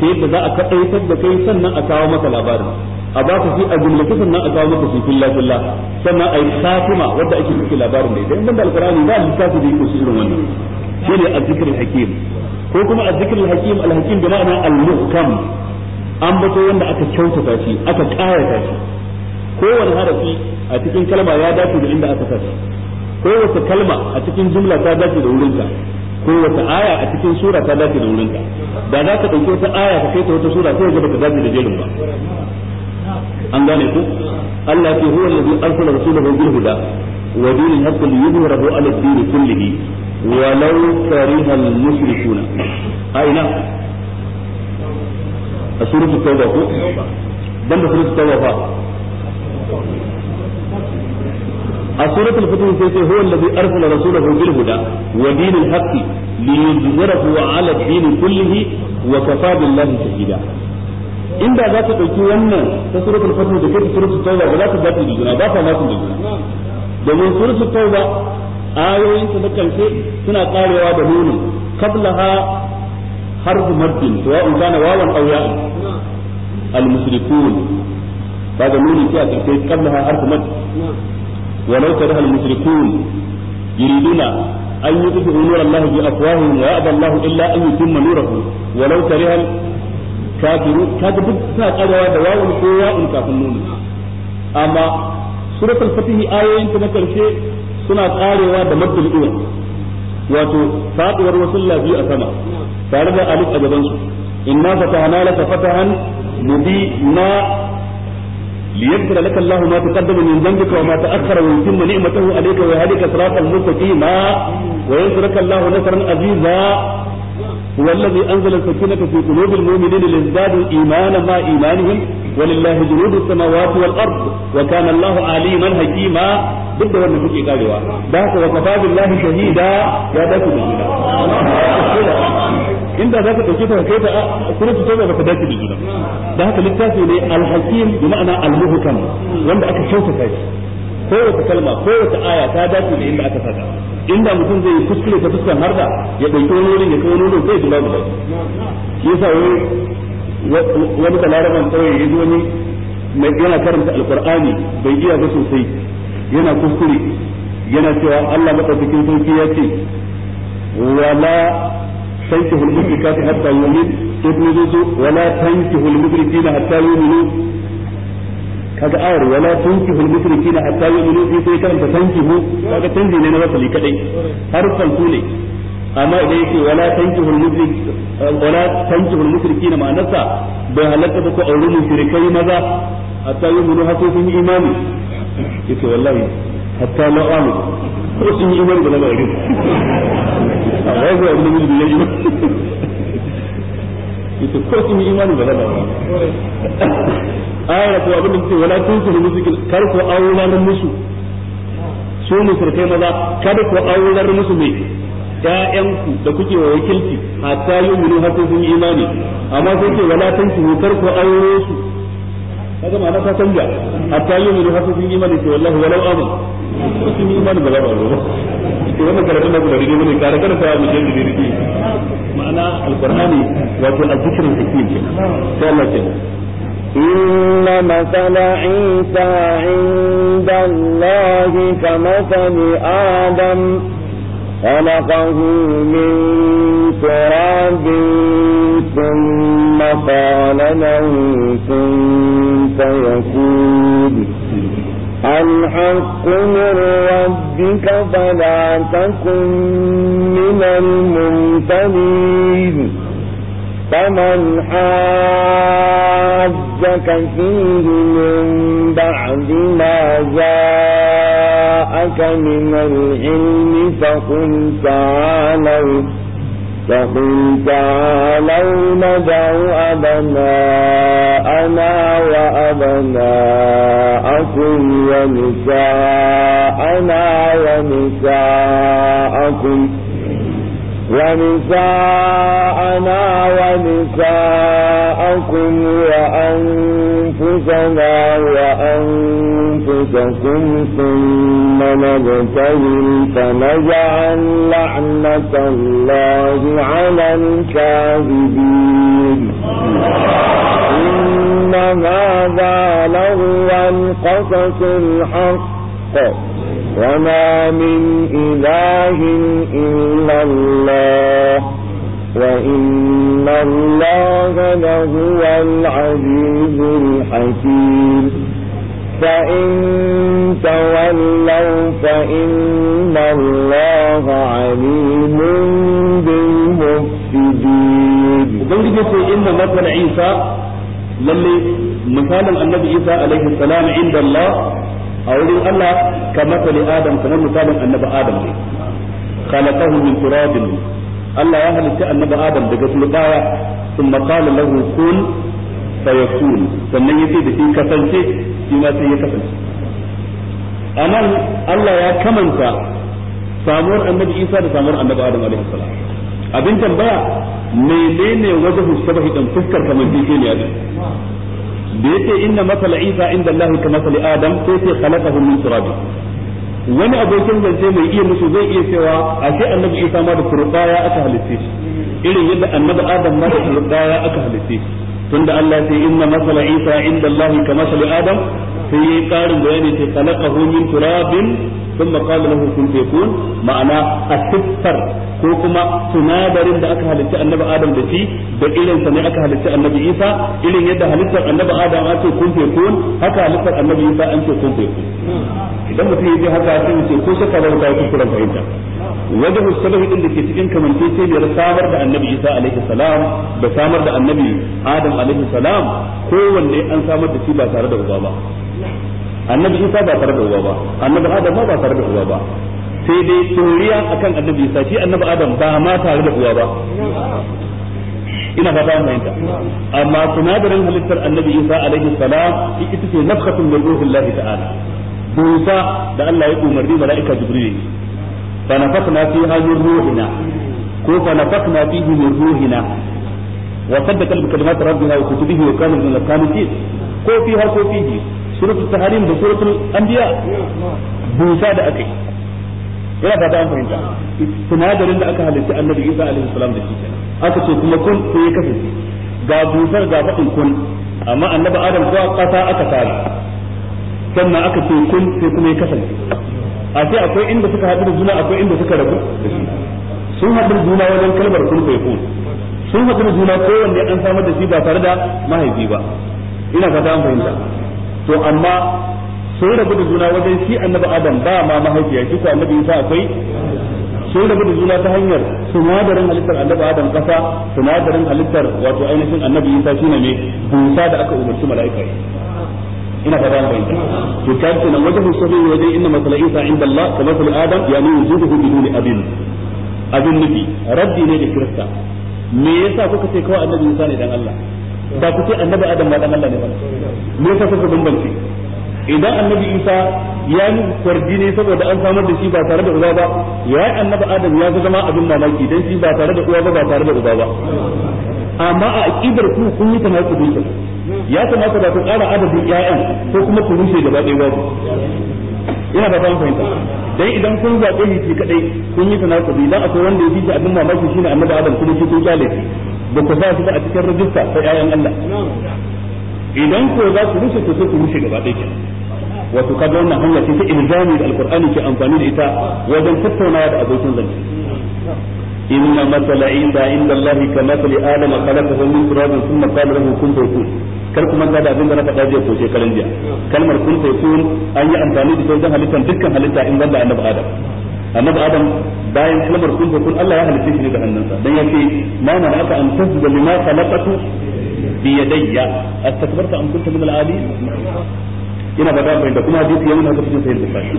ta yadda za a kaɗaitar da kai sannan a kawo maka labarin a ba ka fi a jumlatu sannan a kawo maka shi filla filla sannan a yi fatima wadda ake cikin labarin da ita in da alkurani ba littafi da yake irin wannan shi ne a zikirin hakim ko kuma azzikr al-hakim al-hakim bi ma'ana al-muhkam an bato wanda aka kyautata shi aka kayata shi kowane harafi a cikin kalma ya dace da inda aka sasa kowace kalma a cikin jumla ta dace da wurinta kowace aya a cikin sura ta dace da wurinta da za ka dauke wata aya ka kai ta wata sura sai ga baka dace da jerin ba an gane ku Allah ke huwa alladhi arsala rasulahu bil huda wa dinil haqqi liyudhhirahu ala ad kullihi ولو كره المشركون أي نعم سورة التوبة بند سورة التوبة سورة الفتن هو الذي أرسل رسوله بالهدى ودين الحق ليظهره على الدين كله وكفى بالله شهيدا inda ذا ذاك ɗauki wannan ta suratul fatih da kai suratul tauba ba za ta dace da juna ba ayoyin ta dukkan sai suna karewa da nuni qabla ha harf martin to an kana wawan aw ya'a al musrifun da nuni ce a cikin qabla ha harf martin wa law tara al musrifun yuriduna an yudhi nur allah biyu a afwahihim wa ya'ba allah illa an yi nurahu wa law tara al kafiru kaga duk suna karewa da wawan ko wa'un kafin nuni amma suratul fatihi ayoyin ta karshe suna karewa da maddul wato faduwar wasu lafi a sama tare da alif a gaban su inna fatahna laka fatahan mubina ليغفر لك الله ما تقدم من ذنبك وما تأخر ويتم نعمته عليك ويهديك صراطا مستقيما وينصرك الله نصرا عزيزا هو الذي أنزل السكينة في قلوب المؤمنين ليزدادوا إيمانا مع إيمانهم ولله جنود السماوات والأرض وكان الله عليما حكيما duk da wannan kuke karewa da haka wa kafa billahi shahida ya dace da inda za ka dauke ta kai ta kurutu ta ba ta dace da da haka littafi ne al-hakim bi ma'ana al-muhkam wanda aka kyautata shi kowace kalma kowace aya ta dace da inda aka saka inda mutum zai yi kuskure ta fuskar harda ya ɗauki wani wurin ya kai wani wurin zai ji babu daɗi shi yasa wani wani balaraban tsawon ya ji wani mai yana karanta alkur'ani bai iya ba sosai yana kuskure yana cewa Allah madaukakin sarki ya ce wala tankihul mushrikati hatta yu'min ibnu zo wala tankihul mushrikina hatta yu'minu kaga awar wala tunkihul mushrikina hatta yu'minu sai sai karanta tankihu kaga tanzi ne na wasali kadai har su ne amma idan yake wala tankihul mushrik wala tankihul mushrikina ma'anarsa bai halatta ba ko aure mushrikai maza hatta yu'minu hatta sun yi imani yake wallahi hatta la amu ko sun yi imani da lamarin Allah ya yi yake ko sun yi imani da lamarin ayar ko abin da ce wala tunsu musikin kar ku aular musu su musulkai maza kar ko aular musu mai ku da kuke wa wakilci hatta yu'minu har sun imani amma sai ce wala tunsu kar ko aure su kaga ma na ka canja hatta yu'minu har sun imani to wallahi walau amin sun imani ba za ba to wannan karatun da ku da rige bane kare kana ta mu je da rige ma'ana alqur'ani wato azzikrul hakim sai Allah ya إن مثل عيسى عند الله كمثل آدم خلقه من تراب ثم قال له كنت يكون الحق من ربك فلا تكن من الممتلين فمن حاد ربك فيه من بعد ما جاءك من العلم فقل تعالوا فقل تعالوا ندعو أبناءنا وأبناءكم ونساءنا ونساءكم ونساءنا ونساءكم وأنفسنا وأنفسكم ثم نبتل فنجعل لعنة الله على الكاذبين إن هذا لهو القصص الحق وما من إله إلا الله وإن الله لهو العزيز الحكيم فإن تولوا فإن الله عليم بالمفسدين ubangiji ce inna masal isa lalle misalin annabi isa alaihi salam inda Allah a wurin Allah كمثل آدم كما مثال النبى آدم لي. خلقه من تراب الله يهلك النبى آدم بقتل باية ثم قال له كن فيكون sannan yace da shi kasance shi ma sai ya kasance anan Allah ya kamanta samuwar annabi Isa da samuwar annabi Adam alaihi salam abin tambaya menene wajen shabahi dan fuskar kamar dinke ne da yace inna masala isa inda allahi ka masali adam sai sai khalaqahu min turabi wani abokin zance mai iya musu zai iya cewa ashe annabi isa ma da turbaya aka halitta shi irin yadda annabi adam ma da turbaya aka halitta shi tunda Allah sai inna masala isa inda allahi ka masali adam sai yayi karin bayani sai khalaqahu min turabin thumma qala lahu kun fayakun ma'ana asfar ko kuma sunadarin da aka halitta annabi adam da shi da irin sa ne aka halitta annabi isa irin yadda halittar annabi adam ake kun fayakun haka halittar annabi isa an ce kun fayakun idan mutum yaji haka sai ya ce ko saka lauta ya kuskura fahimta wajen musulmi din da ke cikin kamanceceniyar samar da annabi isa alaihi salam da samar da annabi adam alaihi salam kowanne an samar da shi ba tare da uba ba annabi isa ba tare da uwa ba annabi adam ba tare da uwa ba sai dai turiya akan annabi isa shi annabi adam ba ma tare da uwa ba ina fata mun fahimta amma sunadarin halittar annabi isa alaihi salam ita ce nafkatun min ruhillahi ta'ala dusa da Allah ya umarni mala'ika jibril fa nafakna fiha min ruhina ko fa nafakna fihi min ruhina wa saddaqa bi kalimati rabbina wa kutubihi wa kana min al-qanitin ko fiha ko fihi suratul taharim da suratul anbiya busa da akai ina fata an fahimta sinadarin da aka halitta annabi Isa alaihi salam da shi aka ce kuma kun sai ya kasance ga busar ga faɗin kun amma annabi Adam kuwa ƙasa aka tsara sannan aka ce kun sai kuma ya kasance a ce akwai inda suka haɗu da juna akwai inda suka rabu sun haɗu da juna wajen kalmar kun sai kun sun haɗu da juna kowanne an samar da shi ba tare da mahaifi ba ina fata an fahimta to amma sun rabu da juna wajen shi annabi adam ba ma mahaifiya shi ko annabi isa akwai sun rabu da juna ta hanyar sunadarin halittar annabi adam kasa sunadarin halittar wato ainihin annabi isa shine ne busa da aka umarci mala'ika ina fata an bayyana to kan nan wajen sabi wajen inna masala isa inda Allah kamar sal adam ya ne wujuduhu biduni abin abin nabi rabbi ne da kirista me yasa kuka ce kawai annabi isa ne dan Allah ba ku ce annabi adam ma dan Allah ne ba me yasa kuka bambance idan annabi isa ya yi kwarji ne saboda an samar da shi ba tare da uba ba ya yi annabi adam ya zama abin mamaki dan shi ba tare da uwa ba ba tare da uba ba amma a aqidar ku kun yi tamaki ku dinka ya kamata da ku ƙara adadin ƴaƴan ko kuma ku rushe gaba ɗaya babu ina ba ta fahimta dai idan kun zaɓe shi kadai kun yi tanakubi dan akwai wanda ya fi abin mamaki shine annabi adam kuma shi kun kyale ba ku sa su ba a cikin rajista ta ƴaƴan Allah idan ko za ku rushe to sai ku rushe gaba ɗaya wato kaga wannan hanya ce ta ilzami da alqur'ani ke amfani da ita wajen tattaunawa da abokin zance إن مثل عيسى عند الله كمثل آدم خلقه من تراب ثم قال له كن فيكون kar kuma ga da abin da na faɗa jiya ko shekaran jiya kalmar kun sai an yi amfani da ita wajen halittar dukkan halitta in banda annabi adam annabi adam bayan kalmar kun kun Allah ya halitta shi ne da hannunsa dan yace ma mana aka an tasda lima khalaqatu bi yadayya astakbarta am kunta min al-ali ina ba da da kuma hadisi da haka cikin sahih bukhari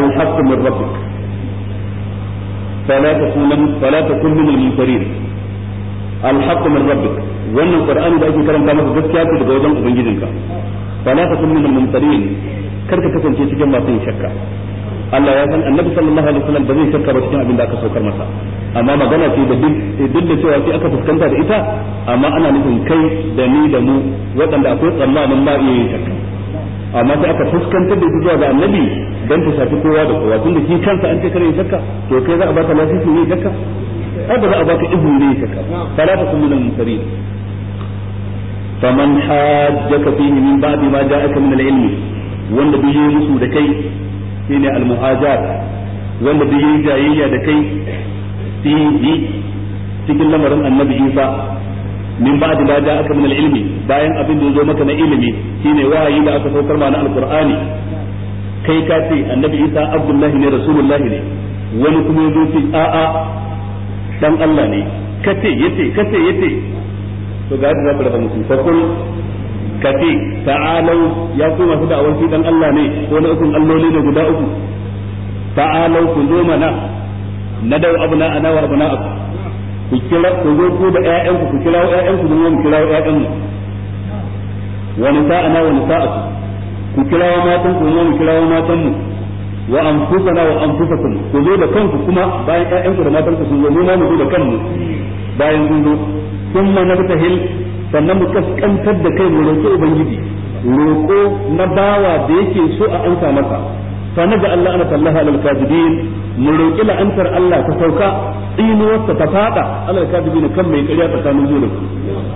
al-haqq min rabbik فلا تكون فلا تكن من المنكرين الحق من ربك wannan da ake karanta masa gaskiya ce daga wajen ubangijinka fala takun min al-mumtarin karka kasance cikin masu shakka Allah ya san annabi sallallahu alaihi wasallam ba zai shakka ba cikin abin da aka saukar masa amma magana ce da duk da cewa sai aka fuskanta da ita amma ana nufin kai da ni da mu waɗanda akwai tsammanin ba iya yin shakka amma sai aka fuskantar da zuwa ga annabi dan ta shafi kowa da kowa tunda shi kansa an ce kare yin shakka to kai za a baka lafiya ne shakka ai ba za a baka izini ne shakka fala ta kullu min sarin faman hajjaka fihi min ba'di ma ja'aka min al-ilmi wanda duk yayi musu da kai shine al-muhajar wanda duk yayi jayayya da kai fi cikin lamarin annabi Isa min da ma aka min al-ilmi bayan abin da zo maka na ilimi shine wahayi da aka saukar mana na al-Qur'ani kai ka ce annabi Isa Abdullahi ne Rasulullahi ne wani kuma yazo ce a'a dan Allah ne kace yace kace yace to ga da zaka rafa musu fakul kace ta'alau ya ku masu da'awar shi dan Allah ne ko na ukun alloli ne guda uku ta'alau ku zo mana na dau abuna ana wa abuna aku ku kira ku zo ku da ƴaƴanku ku kira ƴaƴanku ku mu kira ƴaƴan mu wa ana wa nisa'aku ku kira matan ku mu kira matan mu wa anfusana wa anfusakum ku zo da kanku kuma bayan ku da ku sun zo mu ma mu zo da kanmu bayan sun zo sun na na hil sannan mu kaskantar da kai mu roƙi ubangiji roƙo na bawa da yake so a amsa masa fa naga Allah ana tallaha alal kadibin mu roƙi la'antar Allah ta sauka tsinuwarsa ta fada alal kadibin kan mai ƙarya tsakanin mu da ku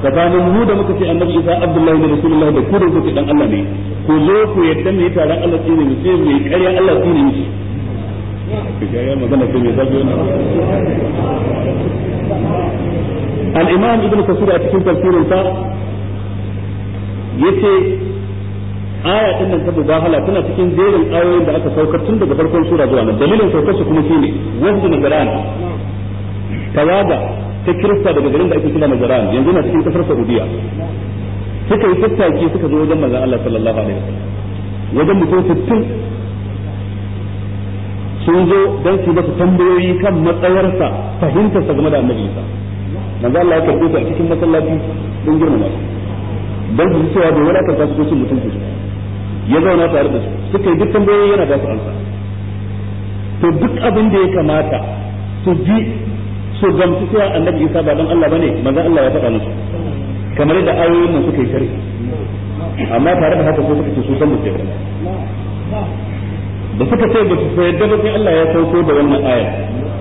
tsakanin mu da muka ce annabi Isa Abdullahi da Rasulullahi da ku da kuke dan Allah ne ku zo ku yadda ne taron Allah tsine mu sai mai ƙarya Allah tsine mu ya magana ce mai zafi wannan al-imam ibn kasir a cikin tafsirin ya ce aya din nan ta tana cikin jerin ayoyin da aka sauka tun daga farkon sura zuwa nan dalilin saukar su kuma shine wanda nazaran tawaga ta kirista daga garin da ake kira nazaran yanzu na cikin kasar saudiya suka yi tattaki suka zo wajen manzon Allah sallallahu alaihi wasallam wajen mutum 60 sun zo don su masa tambayoyi kan matsayarsa fahimtarsa game da annabi Isa manzo Allah ya karbe su a cikin masallaci don girmama su don su cewa bai wani kan su cin mutunci su ya zauna tare da su suka yi duk tambayoyi yana ba su amsa to duk abin da ya kamata su ji su gamsu cewa annabi Isa ba dan Allah bane manzo Allah ya faɗa musu kamar da ayoyin nan suka yi shari'a amma tare da haka ko suka ce su san mutunci da suka ce ba su yarda ba sai Allah ya sauko da wannan aya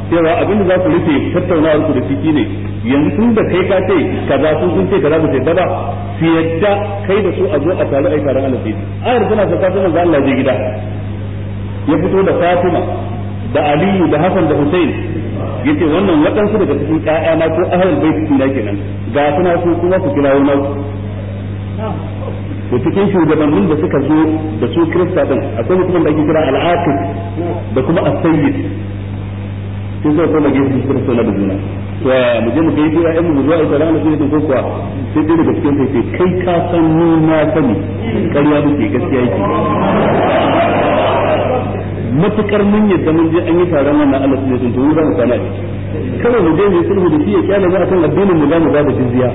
cewa abin da za ku rufe tattaunawar ku da shi ne yanzu tun da kai ka ce za sun sun ce ka za su ba su yadda kai da su a zo a taru yi taron Allah sai yanzu tana ta kasu manzo Allah je gida ya fito da Fatima da Aliyu da Hassan da Hussein yace wannan waɗansu daga cikin ƴaƴa na ko ahlul bait cikin da kenan ga suna su kuma su kirawo na da cikin shugabannin da suka zo da su kirista din akwai mutumin da ake kira al da kuma as sai suka su kira da juna to mu je mu kai jira ɗan mu zuwa ita rana sai dai daga cikin sai kai ka san ni sani ƙarya gaskiya yake matukar mun yadda mun je an yi taron wannan Allah sai sun to mu za mu kana kada mu je mu sulhu da shi ya kyale mu akan addinin mu za mu ba da jizya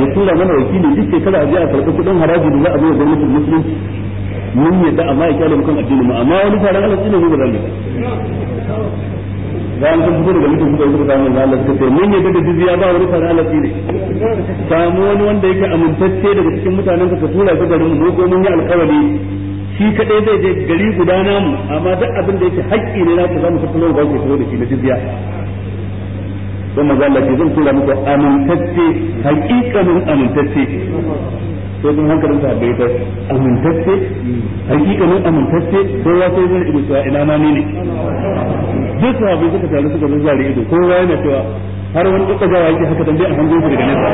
ya tura mana wakili duk shekara a je a karɓi kuɗin haraji da za a zo da gwamnatin musulunci mun yadda amma ya kyale mukan addinin mu amma wani taron Allah shine mu ba zamu da an san fito daga mutum kuka kuka samu da Allah suka mun yadda da jizya ba wani taron Allah shine samu wani wanda yake amintacce daga cikin mutanen ka tura ga garin mu ko mun yi alƙawari shi kadai zai je gari guda namu amma duk abin da yake haƙƙi ne na ku zamu tattalo ga ku tattalo da shi na jizya don maza Allah ce zan tura muku amintacce haƙiƙanin amintacce sai kuma hankalin sa bai ta amintacce hakikanin amintacce don ya sai zai ido cewa ina ma ne ne duk sahabbai suka taru suka zazzare ido kowa yana cewa har wani kakkajawa yake haka dan dai a hango su daga nesa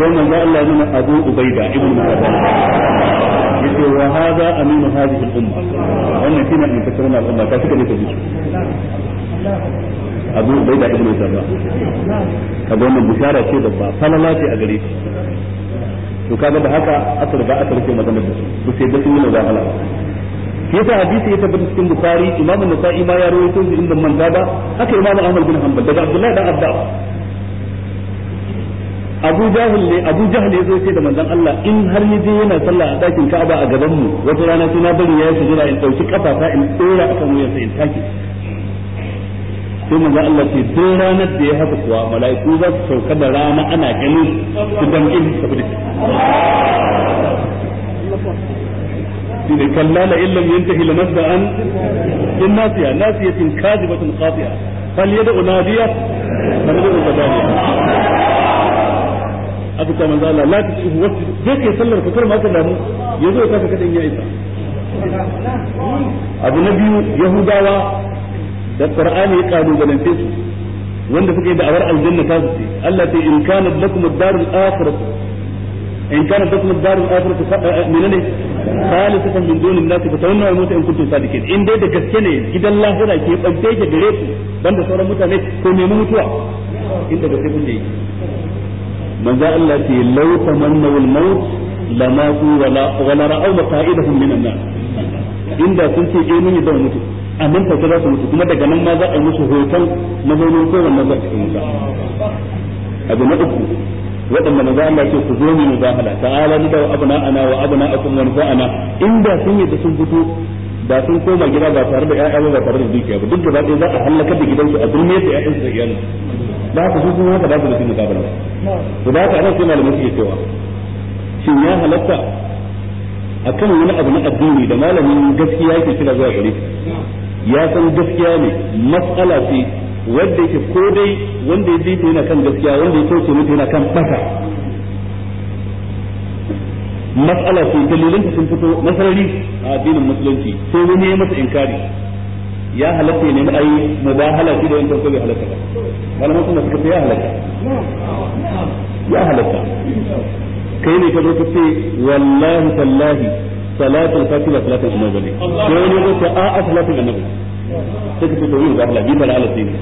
don manzo Allah ya nuna Abu Ubaida ibn Mas'ud yake wa haza aminu hadhihi al-umma wannan shine ne ta tsara al-umma ta suka ne abu bai da ibnu zarra ga wannan bishara ce ba falala ce a gare shi to kaga da haka aka riga aka rike maganar da su ba sai da sun yi mudahara ke ta hadisi ya tabbata cikin bukhari imamu nasa'i ma ya rawaito inda man ba haka imamu ahmad bin hanbal daga abdullahi dan abda abu jahil ne abu jahil ya zo da manzon Allah in har ya je yana sallah a dakin Ka'aba a gaban mu wata rana sai na bari ya shiga in dauki kafafa in tsora akan wuyan sa in take sai manzon Allah ce duk ranar da ya haka kuwa mala'iku za su sauka da rana ana ganin su damƙe su tafi da shi ne kallala illam yantahi lamasda'an in nasiya nasiyatin kadibatun qati'a fal yad'u nadiya fal yad'u aka ce manzo Allah la tusihu wasu je kai sallar ka ma ka damu yazo ka ka kadin ya isa abu na biyu yahudawa da qur'ani ya kalubalance su wanda suka yi da'awar aljanna ta su ce Allah ta in kana lakum ad-darul akhirah in kana lakum ad-darul akhirah eh, menene khalisatan min dunin nas fa tawanna wa in kuntum sadiqin in dai da gaske ne gidan lahira ke bantai ke gare ku banda sauran mutane ko nemi mutuwa in inda gaske kun yi manzo Allah ce law tamannawul maut lamatu wala wala ra'aw maqaidahum minan nar inda sun ce eh mun yadda mutu amma ta za su mutu daga nan ma za a yi musu hoton mazaunin ko wannan za su mutu abu na uku waɗanda manzo Allah ce ku mu da ana ana inda sun sun fito da sun koma gida ba tare da ƴaƴa ba tare da dukiya ba duk da za a halaka da gidansu a duniya da su da iyalansu da haka su kuma haka da su da sun mukabala to da haka ana sai malamai suke cewa shin ya halatta akan wani abu na addini da malamin gaskiya yake kira zuwa gare ya san gaskiya ne matsala ce wanda yake ko dai wanda ya dito yana kan gaskiya wanda ya kauce mata yana kan ɓata mas'ala ce dalilan sun fito na a addinin musulunci sai wani ya masa inkari ya halatta ne na ayi mubahala shi da yankan ko bai halatta ba malaman suna suka ce ya halatta ya halatta kai ne ka zo ka ce wallahi tallahi salatul wa salatul annabi ne sai ne ya ce a a salatul annabi sai ka ce to yi mubahala bi fara halatta ne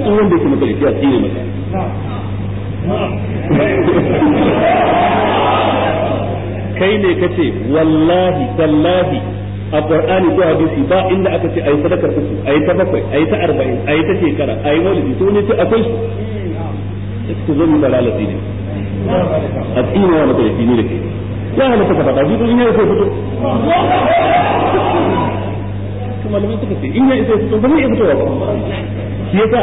in wanda yake maka da shi a tsine maka kai ne kace wallahi tallahi a qur'ani ko hadisi ba inda aka ce ayi sadakar uku ayi ta bakwai ayi ta arba'in ayi ta shekara ayi maulidi to ne ce akwai su ku zo mu bara lafi ne a tsina wa mutum yake ne da kai ya halatta ka faɗa jikin ina ya fito kuma suka ce in ya ya fito ba zai iya fitowa ba shi yasa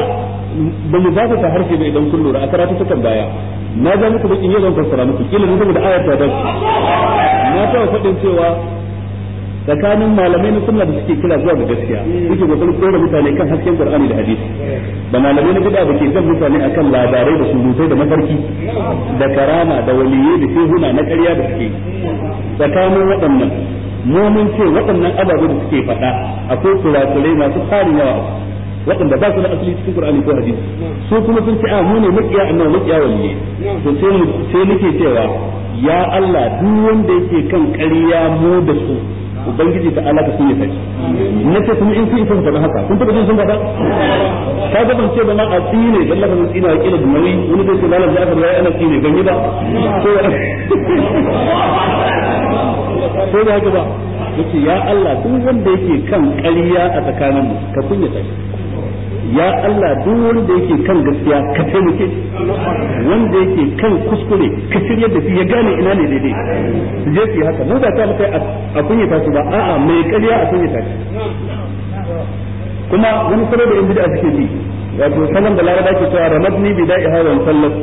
ba mu ba ta harshe ba idan kun lura a karatu sukan baya na ga muku da yau zan fassara muku kila ne saboda ayar ta da na taɓa faɗin cewa tsakanin malamai na sunna da suke kira zuwa ga gaskiya suke kokarin da mutane kan hasken qur'ani da hadisi da malamai na bid'a da ke kan mutane akan labarai da surutai da mafarki da karama da waliyyi da shehuna na karya da suke tsakanin waɗannan mu ce waɗannan ababe da suke faɗa akwai kurakurai masu tsarin yawa waɗanda ba su da asali cikin Qur'ani ko hadisi su kuma sun ce a ah, mu ne makiya annabi makiya waliyi to sai sai nake cewa ya Allah duk wanda yake kan ƙarya mu da su ubangiji ta alaka sun yi fashi na ce kuma in sun isa faɗa haka kun taɓa jin sun faɗa ka ga ban ce ba ma a tsine dan lafazin tsine wa kila da nauyi wani zai ce malam Ja'far ya ana tsine ban yi ba to ko da haka ba yace ya Allah duk wanda yake kan ƙarya a tsakaninmu ka kunya shi ya Allah duk wanda yake kan gaskiya ka taimake wanda yake kan kuskure ka shirya da shi ya gane ina ne daidai su je su haka mu ba ta mutai a kunyata su ba a'a mai karya a kunyata shi kuma wani salo da yin bid'a suke bi wato salon da laraba ke cewa ramadni bida'iha wani sallar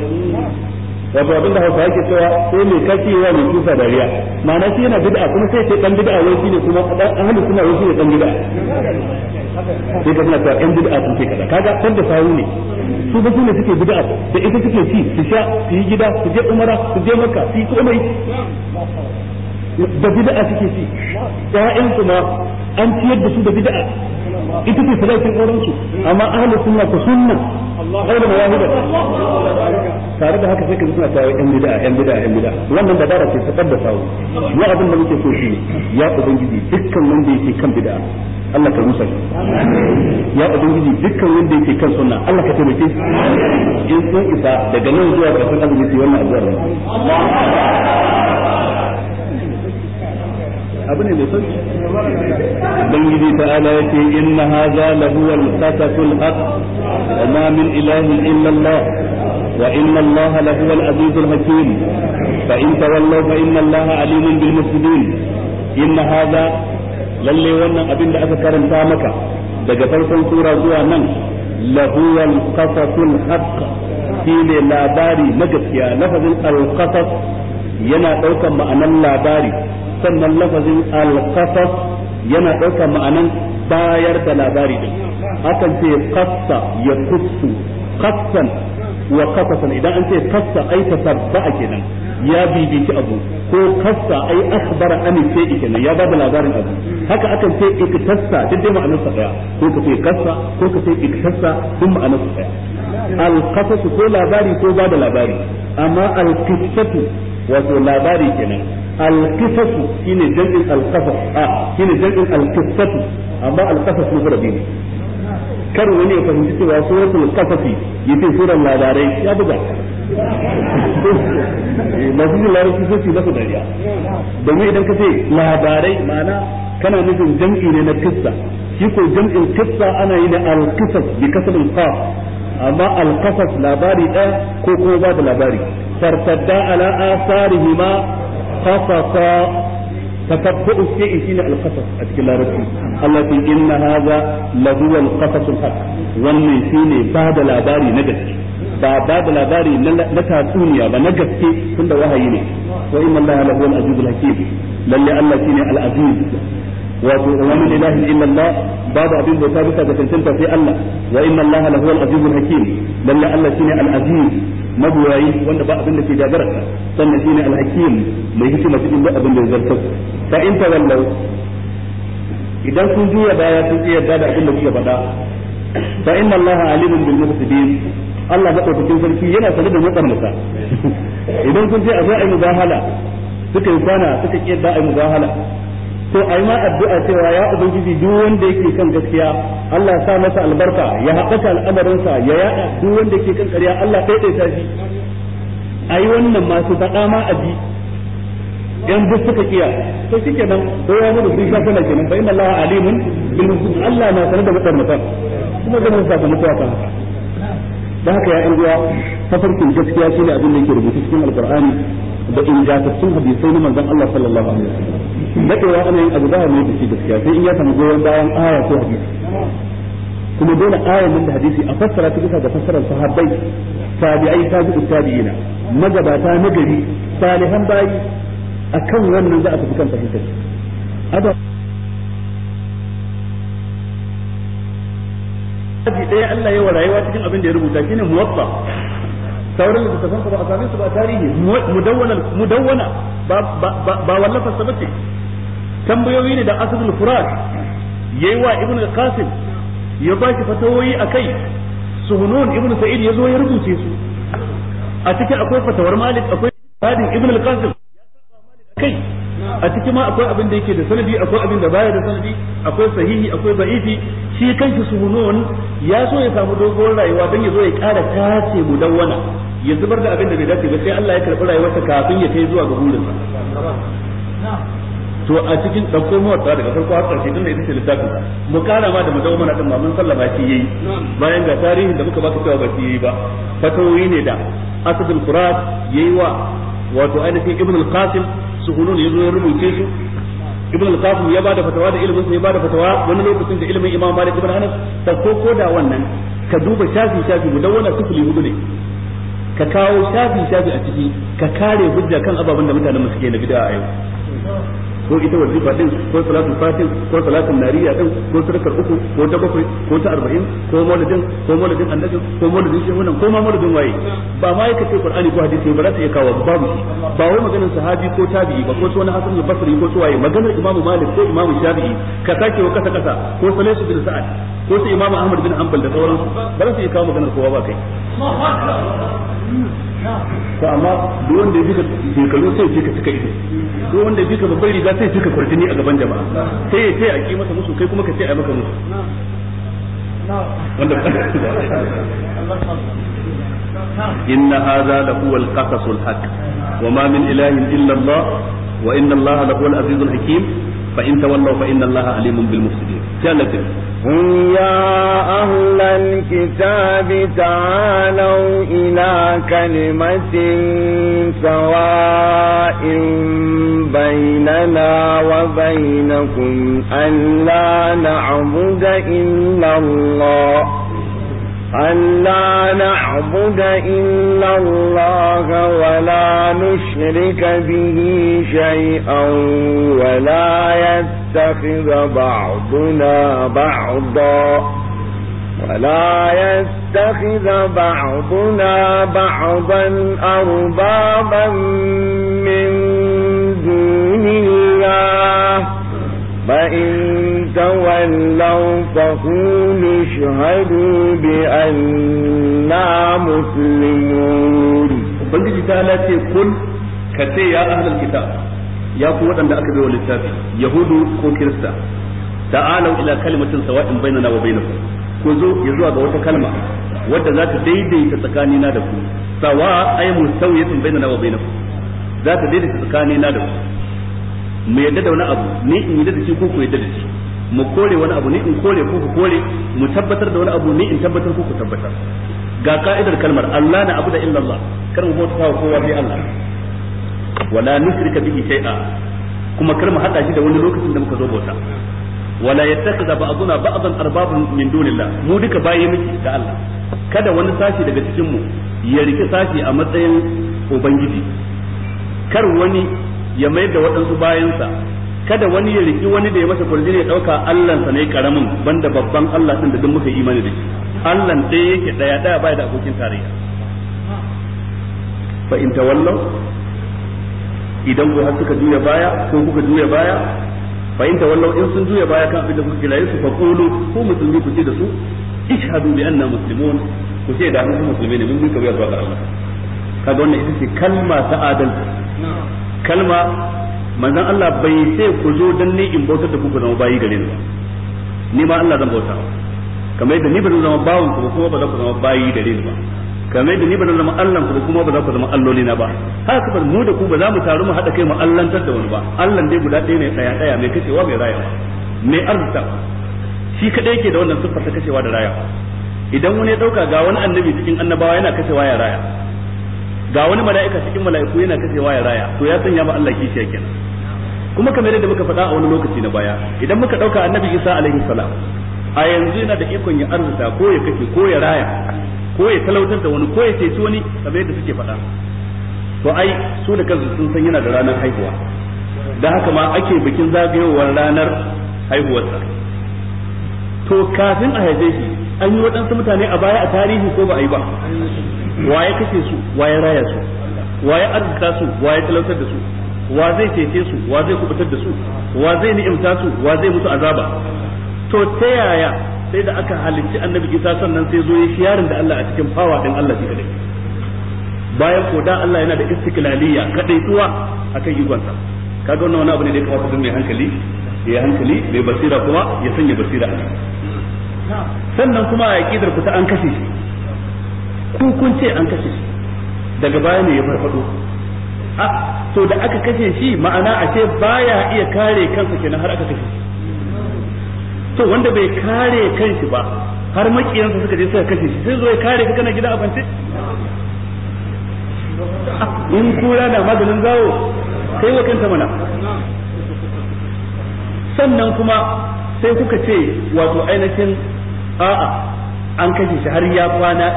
wato abinda hausa yake cewa sai mai kashi wa mai kusa dariya ma'ana shi yana bid'a kuma sai ce dan bid'a wai shine kuma dan ahli sunna wai shine dan bid'a sai ka suna cewa yan bid'a sun ce kaza kaga kan da sawu ne su ba sune suke bid'a da ita suke ci su sha su yi gida su je umara su je makka su yi komai da bid'a suke ci ƴaƴan su ma an ciyar da su da bid'a ita ce salatin auren su amma ahli sunna ta sunna kaulan wahida tare da haka sai ka suna tawo yan bid'a yan bid'a yan bid'a wannan dabara ce ta kaddasa wu ya abin da muke so shi ya ubangiji dukkan wanda yake kan bid'a Allah ka rusa shi ya ubangiji dukkan wanda yake kan sunna Allah ka taimake shi in sun isa daga nan zuwa kafin azumi sai wannan addu'ar Allah abu ne mai sauki ubangiji ta'ala yace inna hadha lahu al-qasasul haq wa ma min ilahin illa Allah wa inna Allah lahu al-azizul hakim fa in tawallaw fa inna Allah alimun bil mufsidin inna hadha lalle wannan abin da aka karanta maka daga farkon sura zuwa nan lahu al-qasasul haq shine labari na gaskiya lafazin al-qasas yana daukan ma'anar labari sannan lafazin al-qasas yana ɗaukar ma'anan bayar da labari din akan ce qassa ya kussu qassan wa qasasan idan an ce qassa ai tasabba'a kenan ya bibici abu ko kassa ai akhbara an sai kenan ya ba da labarin abu haka akan ce iktassa duk dai ma'anar sa daya ko ka ce kassa ko ka ce iktassa duk ma'anar sa daya al-qasas ko labari ko ba da labari amma al-qissatu wato labari kenan alqisasu shine jam'in alqasas a ah, shine jam'in alqisatu amma alqasas mufradi ne kar wani ya fahimci cewa suratul qasasi yace suran labarai ya buga eh, masu jin larabci sun ci masa domin idan ka ce labarai ma'ana kana nufin jam'i ne na kissa shi ko jam'in kissa ana yi da al-qisas bi kasabin qaf amma alkasas labari ɗaya ko kuma ba da labari fartadda ala asarihi ma qasasa tatabbu fi'i shine alqasas a cikin larabci Allah ya inna hadha lahu alqasasul haq wannan shine ba da labari na gaske ba ba da labari na tatsuniya ba na gaske tun da wahayi ne wa inna Allah lahu al-azizul hakim lalle Allah shine al-aziz wato wani da ilahin illa Allah babu abin bauta bisa ga tantanta sai Allah wa inna Allah lahu al-azizul hakim lalle Allah shine al-aziz mabuwayi wanda ba abin da ke dagara sannan shine al-hakim mai hikima cikin duk abin da ya zartar fa in tawallau idan sun juya baya kun iya yarda da abin da kuka faɗa fa inna Allah alimun bil mufsidin Allah madaukakin sarki yana sane da matsarnata idan kun ce a zo a yi mubahala suka yi kwana suka ƙi yadda a yi mubahala to a yi ma addu'a cewa ya ubangiji duk wanda yake kan gaskiya Allah sa masa albarka ya haɓaka al'amarinsa ya yaɗa duk wanda yake kan ƙarya Allah ɗaiɗaita shi ai wannan wannan masu faɗa ma aji ji duk suka kiya to shi kenan ko ya mutu sun shafa nan kenan fa inna Allah alimun bil Allah na sanar da mutan mutan kuma zai mutu sakamako akan haka da haka ya an tafarkin gaskiya shi ne abin da ke rubuta cikin alqur'ani da ingantattun hadisai na manzon Allah sallallahu alaihi wasallam da cewa ana yin abu da mai da shi gaskiya sai in ya samu goyon bayan aya ko hadisi kuma dole aya nan da hadisi a fassara ta bisa da fassarar sahabbai tabi'ai tabi'u tabi'ina magabata nagari salihan bayi akan wannan za a tafi kan fahimtar sabi ɗaya Allah ya wa rayuwa cikin abin da ya rubuta shine muwatta sauran littattafan ba a same su ba tarihi mudawwana mudawwana ba wallafa sa bace tambayoyi ne da asrul furat yayi wa ibnu qasim ya ba shi fatawoyi akai suhunun ibnu sa'id ya zo ya rubuce su a cikin akwai fatawar malik akwai hadin ibnu qasim ya saba malik akai a ciki ma akwai abin da yake da sanadi akwai abin da baya da sanadi akwai sahihi akwai da'ifi shi kanshi suhunun ya so ya samu dogon rayuwa dan ya zo ya ƙara tace mu ya zubar da abin da bai dace ba sai Allah ya karɓi rayuwarsa kafin ya kai zuwa ga burinsa to a cikin ɗauko wata daga farko har ƙarshe tun da ita littafin mu kara ma da mu dawo mana din ma mun sallama shi yayi bayan ga tarihin da muka baka cewa ba shi yayi ba fatawi ne da asadul al-Furat yayi wa wato ainihin Ibn al-Qasim suhunun ya zo ya rubuce su ibn al-qasim ya bada fatawa da ilimin sa ya bada fatawa wani lokacin da ilimin imam malik ibn anas ta ko da wannan ka duba shafi shafi mudawwana sufuli hudu ne ka kawo shafi shafi a ciki ka kare hujja kan ababen da mutanen mu suke na bid'a a yau ko ita wazifa din ko salatul fatin ko salatul nariya din ko sadakar uku ko ta bakwai ko ta arba'in ko maulidin ko maulidin annabi ko shi wannan ko ma maulidin waye ba ma yake ce qur'ani ko hadisi ba za ta iya kawo babu ba wai maganar sahabi ko tabi'i ba ko su wani hasan basri ko su waye maganar imamu malik ko imamu shafi'i ka sake wa kasa kasa ko salisu bin sa'ad ko sai imamu ahmad bin hanbal da sauransu ba za ta iya kawo maganar kowa ba kai to amma duk wanda ya fika shekaru sai fika cika ido duk wanda ya fika babbar riga sai fika kwartini a gaban jama'a sai ya ce a ki masa musu kai kuma ka ce a maka musu wanda إن هذا لهو القصص الحق وما من إله إلا الله وإن الله لهو العزيز الحكيم fa in tawallaw fa inna allaha alimun bil mufsidin قل يا أهل الكتاب تعالوا إلى كلمة سواء بيننا وبينكم ألا نعبد إلا الله ألا نعبد إلا الله ولا نشرك به شيئا ولا يتخذ بعضنا بعضا ولا يتخذ بعضنا بعضا أربابا من دون الله فإن تولوا فقولوا اشهدوا بأننا مسلمون ubangiji ta lace kun ka ya ahlul kitab ya ku waɗanda aka bai wa littafi yahudu ko kirista ta'alau ila kalimatin sawa'in bainana wa bainakum ku zo ya zuwa ga wata kalma wadda za ta daidaita tsakanina da ku sawa ay musawiyatun bainana wa bainakum za ta daidaita tsakanina da ku mu yadda da wani abu ni in yadda da shi ko ku yadda da shi mu kore wani abu ni in kore ko ku kore mu tabbatar da wani abu ni in tabbatar ko ku tabbatar ga ka'idar kalmar Allah na abu da illallah kar mu bauta wa kowa sai Allah wala nusrika bihi shay'a kuma kar mu hada shi da wani lokacin da muka zo bauta wala yattakhidha ba'duna ba'dan arbabun min dunillah mu duka baye miki da Allah kada wani sashi daga cikin mu ya rike sashi a matsayin ubangiji kar wani ya mai da waɗansu bayansa kada wani ya riki wani da ya masa kurjini ya ɗauka, Allah sa ne karamin banda babban Allah din da duk muka imani da shi Allah ɗaya yake ɗaya ɗaya baya da abokin tarayya fa in tawallaw idan ku har suka juya baya ko kuka juya baya fa in tawallaw in sun juya baya kan abin da kuka kira su fa qulu ko musulmi ku ce da su ishhadu bi anna muslimun ku ce da mu musulmi ne mun muka biya zuwa ga Allah kaga wannan ita ce kalma ta adalci kalma manzon Allah bai sai ku zo dan ne in bautar da ku ku zama bayi gare ni ba ni ma Allah zan bauta kamar yadda ni ba zama bawon ku kuma ba za ku zama bayi gare ni ba kamar yadda ni ba zama Allah ku kuma ba za ku zama alloli na ba haka ba mu da ku ba za mu taru mu hada kai mu allantar da wani ba Allah dai guda ɗaya ne daya daya mai kacewa mai rayawa mai arzuta shi kadai yake da wannan siffar ta kacewa da rayawa idan wani ya dauka ga wani annabi cikin annabawa yana kacewa ya raya ga wani mala'ika cikin mala'iku yana kashewa ya raya to ya sanya ma Allah kishiya kenan kuma kamar yadda muka faɗa a wani lokaci na baya idan muka ɗauka annabi Isa alaihi salam a yanzu yana da ikon ya arzuta ko ya kashe ko ya raya ko ya talautar da wani ko ya ceci wani kamar yadda suke faɗa to ai su da kansu sun san yana da ranar haihuwa da haka ma ake bikin zagayowar ranar haihuwarsa to kafin a haife shi an yi waɗansu mutane a baya a tarihi ko ba a yi ba waye kashe su waye raya su waye arzika su waye talautar da su wa zai cece su wa zai kubutar da su wa zai ni'imta su wa zai musu azaba to ta yaya sai da aka halicci annabi isa sannan sai zo ya shiyarin da Allah a cikin fawa din Allah shi kadai bayan ko da Allah yana da istiklaliya tuwa akan yugonsa kaga wannan wani abu ne da ya kamata mai hankali ya hankali mai basira kuma ya sanya basira sannan kuma a yaƙidar ku ta an kashe shi ku kun ce an kashe daga baya ne ya farfado a to da aka kashe shi ma'ana a ce baya iya kare kansa kenan har aka kashe to wanda bai kare kanshi ba har makiyansa suka je suka kashe shi sai zo ya kare ka kana gida a in kura na maganin zawo kai wa kanta mana sannan kuma sai kuka ce wato ainihin a'a an kashe shi har ya kwana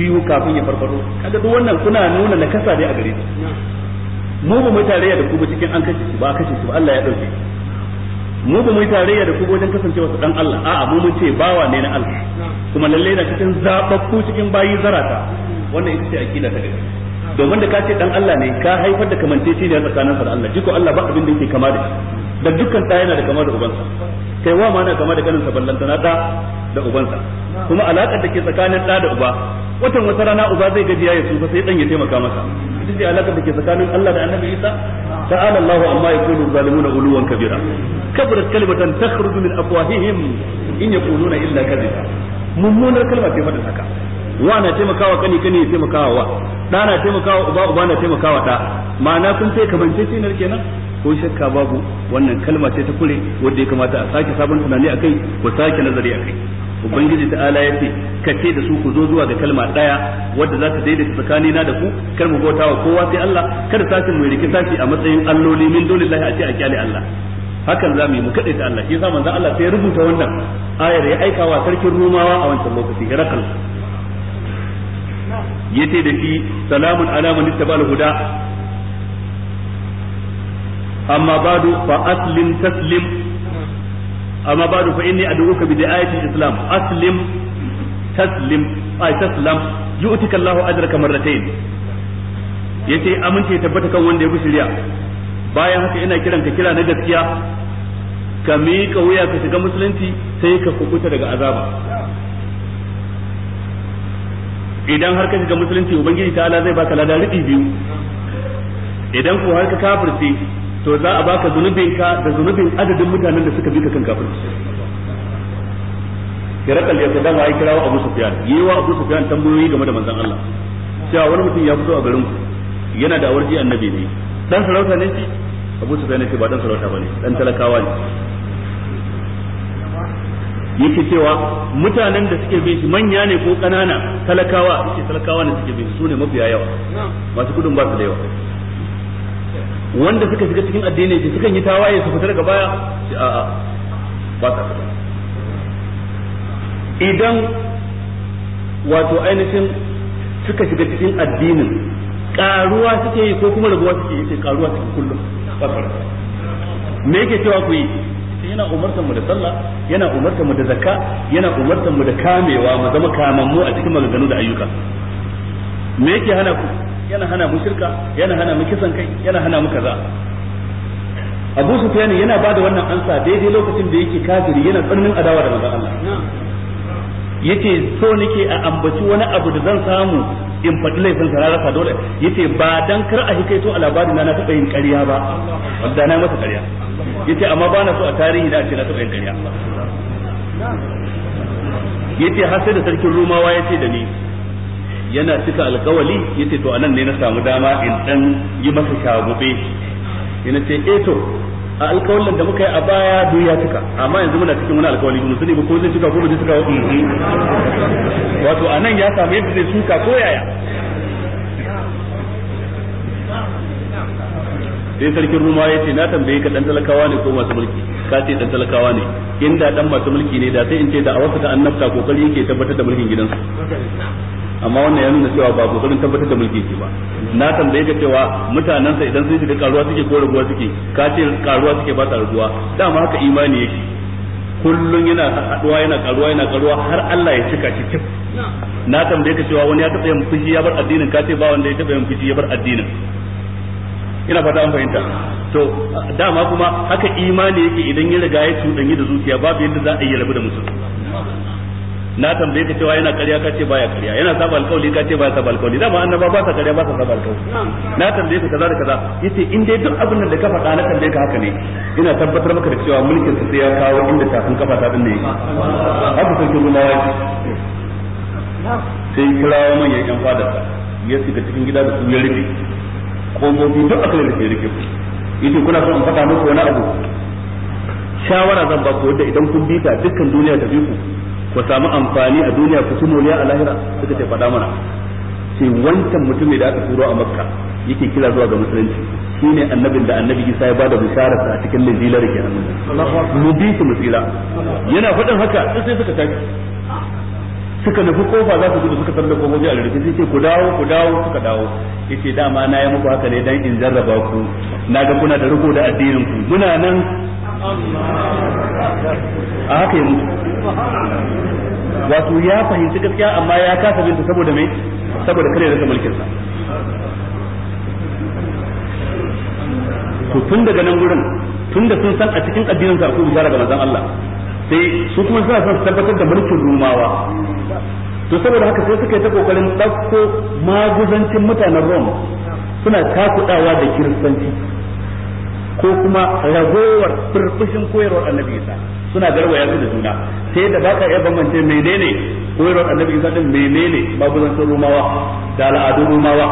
biyu kafin ya farfado kaga duk wannan kuna nuna na kasa ne a gare shi mu ba mu tarayya da ku ba cikin an kashe shi ba kashe su ba Allah ya dauke mu ba mu tarayya da ku wajen kasancewa su dan Allah a'a mu mun ce bawa ne na Allah kuma lalle na cikin zababbu cikin bayi zarata wannan ita ce akida ta gari domin da ka ce dan Allah ne ka haifar da kamantacce ne tsakanin sa da Allah jiko Allah ba abin da yake kama da shi da dukkan ɗaya yana da kama da ubansa kai wa ma na kama da ganin ballanta na ɗa da ubansa kuma alaƙar da ke tsakanin ɗa da uba watan wata rana uba zai gaji ya tsufa sai ɗan ya taimaka masa ita ce alaƙar da ke tsakanin Allah da Annabi Isa ta'ala Allahu amma yaqulu zalimuna uluwan kabira kabarat kalimatan takhruju min afwahihim in yaquluna illa kadhiba mummunar kalma ce fadin haka wa na taimakawa kani kani ya taimakawa wa ɗa na taimakawa uba uba na taimakawa ɗa ma'ana kun sai kamance shi kenan ko shakka babu wannan kalma ce ta kure wanda ya kamata a sake sabon tunani a kai, ku sake nazari a kai. ubangiji ta ala ya ce ka ce da su ku zo zuwa ga kalma daya wadda za ta daidaita tsakani na da ku kar mu bauta wa kowa sai Allah kada sakin mu rike sashi a matsayin alloli min dolillahi a ce a kyale Allah hakan za mu yi mu kaɗai ta Allah shi yasa manzo Allah sai ya rubuta wannan ayar ya aika wa sarkin Rumawa a wancan lokaci rakal yace da shi salamun ala man ittaba al-huda أما بعد فأسلم تسلم أما بعد فإني أدعوك بدعاية الإسلام أسلم تسلم أي تسلم يؤتك الله أجرك مرتين yace amince ya tabbata kan wanda ya bi bayan haka ina kiran ka kira na gaskiya ka miƙa wuya ka shiga musulunci sai ka kubuta daga azaba idan har ka shiga musulunci ubangiji ta ala zai baka lada riɗi biyu idan ko har ka kafirce to za a baka zunubinka da zunubin adadin mutanen da suka bi ka kan kafin. kirakal ya kada da ya kira wa Abu Sufyan yi wa Abu sufiyan tambayoyi game da manzan Allah cewa wani mutum ya fito a garin ku yana da awarji annabi ne dan sarauta ne shi Abu sufiyan ce ba dan sarauta bane dan talakawa ne yake cewa mutanen da suke bin shi manya ne ko kanana talakawa yake talakawa ne suke bin su ne mafiya yawa masu gudun ba su da yawa wanda suka shiga cikin addini su sukan yi tawaye su fita daga baya a a ba ta fita idan wato ainihin suka shiga cikin addinin karuwa suke yi ko kuma rabuwa suke yi sai karuwa suke kullum ba ta me yake cewa ku yi yana umartar mu da sallah yana umartar mu da zakka yana umartar mu da kamewa mu zama kamammu a cikin maganganu da ayyuka me yake hana ku yana hana mu shirka yana hana mu kisan kai yana hana mu kaza Abu Sufyan yana bada wannan ansa daidai lokacin da yake kafiri yana tsananin adawa da manzon Allah yace so nake a ambaci wani abu da zan samu in faɗi laifin sa rasa dole yace ba dan kar a hikaito a labarin na taɓa yin ƙarya ba wanda na masa ƙarya yace amma ba na so a tarihi da ce na taɓa yin ƙarya yace har sai da sarkin Rumawa yace da ni yana cika alkawali yace to anan ne na samu dama in dan yi masa shagube yana ce eh to a alkawalin da muka yi a baya duk ya cika amma yanzu muna cikin wani alkawali mu sani ba ko zai cika ko ba zai cika wato anan ya samu yadda zai suka ko yaya sai sarkin ruma ya ce na tambaye ka dan talakawa ne ko masu mulki ka ce dan talakawa ne inda dan masu mulki ne da sai in ce da a wasu ta annabta kokari yake tabbatar da mulkin gidansu amma wannan ya nuna cewa ba kokarin tabbatar da mulki ke ba na tambaye ka cewa mutanen sa idan sun shiga karuwa suke ko raguwa suke ka ce karuwa suke ba ta raguwa dama haka imani yake kullun yana haduwa yana karuwa yana karuwa har Allah ya cika shi cif na tambaye ka cewa wani ya taba yin fushi ya bar addinin ka ce ba wanda ya taba yin fushi ya bar addinin ina fata an fahimta to dama kuma haka imani yake idan ya riga ya cuɗanyi da zuciya babu yadda za a yi rabu da musulmi na tambaye ka cewa yana ƙarya ka baya ƙarya yana saba alƙawli ka baya saba alƙawli dama annaba ba sa ƙarya ba sa saba alƙawli na tambaye ka kaza da kaza yace in dai duk abin da ka faɗa na tambaye ka haka ne ina tabbatar maka da cewa mulkin ka sai ya kawo inda tafin kafa ta din ne haka sai kin ruwa sai kirawo manyan yan fada ya shiga cikin gida da su ya rufe komofi duk akan rufe rufe yace kuna son in faɗa muku wani abu shawara zan ba ku wanda idan kun bita dukkan duniya ta bi ku ku samu amfani a duniya ku tumo a lahira suka ce faɗa mana sai wancan mutumin da aka turo a makka yake kira zuwa ga musulunci shine annabin da annabi isa ya bada bishararsa a cikin linjilar ke hannun mu bi su yana faɗin haka sai suka tashi suka nufi kofa za su gudu suka tarda kofofi a rarrafe sai ce ku dawo ku dawo suka dawo yace dama na yi muku haka ne dan in jarraba ku na ga kuna da riko da addinin ku muna nan a haka yi mutu wato ya fahimci gaskiya amma ya kasa binta saboda mai saboda kare rasa mulkinsa to tun daga nan wurin tun da sun san a cikin addinin sa akwai bishara ga manzon Allah sai su kuma suna son su tabbatar da mulkin rumawa to saboda haka sai suka yi ta kokarin ɗauko maguzancin mutanen Rome suna takudawa da kiristanci ko kuma ragowar furfushin koyarwar annabi isa suna garwaya su da juna sai da baka iya bambance menene koyarwar annabi isa din menene magudancin rumawa da al'adun rumawa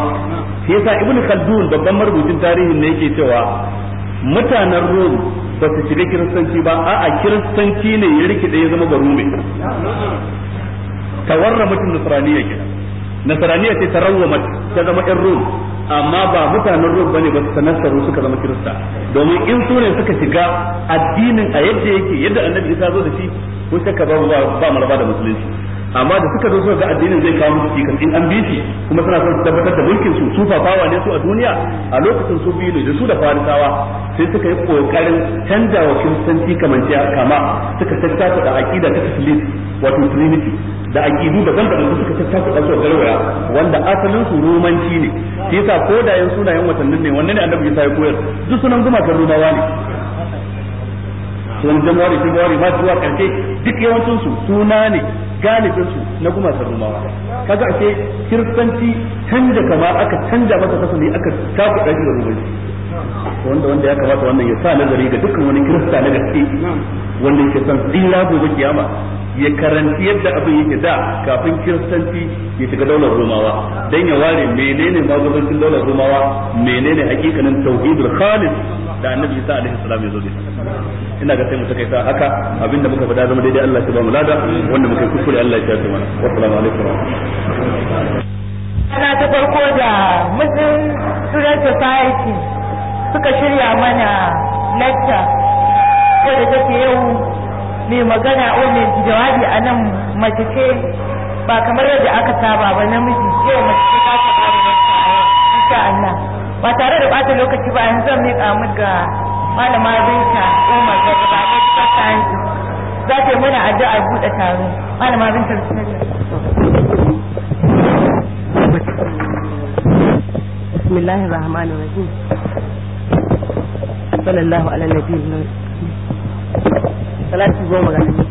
sai yasa ibnu khaldun babban marubucin tarihin ne yake cewa mutanen rom ba su shiga kiristanci ba a'a kiristanci ne ya rikide ya zama barume tawarra mutum nasraniya ke nasraniya ce tarawwamat ta zama yan rom amma ba mutanen ruwa bane ba su nasaru suka zama kirista domin in su ne suka shiga addinin a yadda yake yadda annabi isa zo da shi ko shakka ba ba maraba da musulunci amma da suka zo ga addinin zai kawo musu cikas in an bi shi kuma suna son su tabbatar da mulkin su su fafawa ne su a duniya a lokacin su biyu da su da farisawa sai suka yi kokarin canza wa kiristanci kamanci kama suka tattaka da aqida ta taslis wato trinity da aqidu daban da suka tattaka da su garwaya wanda asalin su romanci ne sai yasa ko da yan sunayen watannin ne wannan ne annabi ya koyar duk sunan ta romawa ne sunan january february march zuwa karshe duk yawancin su suna ne galibin su na gumakan rumawa kaga ashe kiristanci canja kama aka canja masa kasa aka tafi ɗaki da rubanci wanda wanda ya kamata wannan ya sa nazari ga dukkan wani kirista na gaske wanda yake son tsira gobe kiyama ya karanci yadda abin yake da kafin kiristanci ya shiga daular rumawa. dan ya ware menene magudancin daular rumawa? menene hakikanin tauhidul khalis da annabi isa alaihi salam ya zo da ina ga sai mu takaita haka abinda muka faɗa zama daidai Allah ya ba mu lada wanda muka yi kuskure Allah ya shafe mana wassalamu alaikum wa rahmatullahi ta farko da mutum student society suka shirya mana lecture da take yau mai magana o mai jawabi a nan mace ce ba kamar yadda aka saba ba namiji yau mace ce ta ta bari lecture a insha Allah ba tare da bata lokaci ba yanzu zan miƙa mu ga malama Binta Umar da gabatar da science za ta yi mana addu'a buɗe taro malama binta بسم الله الرحمن الرحيم صلى الله على النبي صلاة goma ga nabi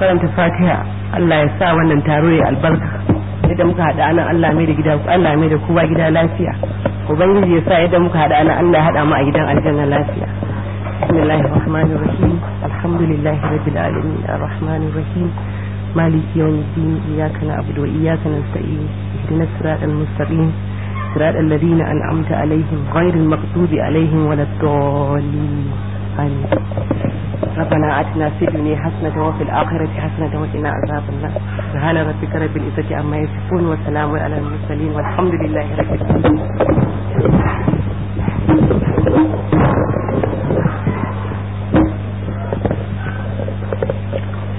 karanta fatiha Allah ya sa wannan taro ya albarka yadda muka haɗa anan Allah mai da gida Allah mai da kowa gida lafiya ubangiji ya sa yadda muka haɗa anan Allah ya haɗa mu a gidan aljanna lafiya bismillahir rahmanir rahim alhamdulillahi rabbil alamin arrahmanir rahim maliki yawmiddin iyyaka na'budu wa iyyaka nasta'in ihdinas siratal mustaqim صراط الذين أنعمت عليهم غير المغضوب عليهم ولا الضالين آمين ربنا آتنا في الدنيا حسنة وفي الآخرة حسنة وقنا عذاب النار سبحان ربك رب العزة عما يصفون والسلام على المرسلين والحمد لله رب العالمين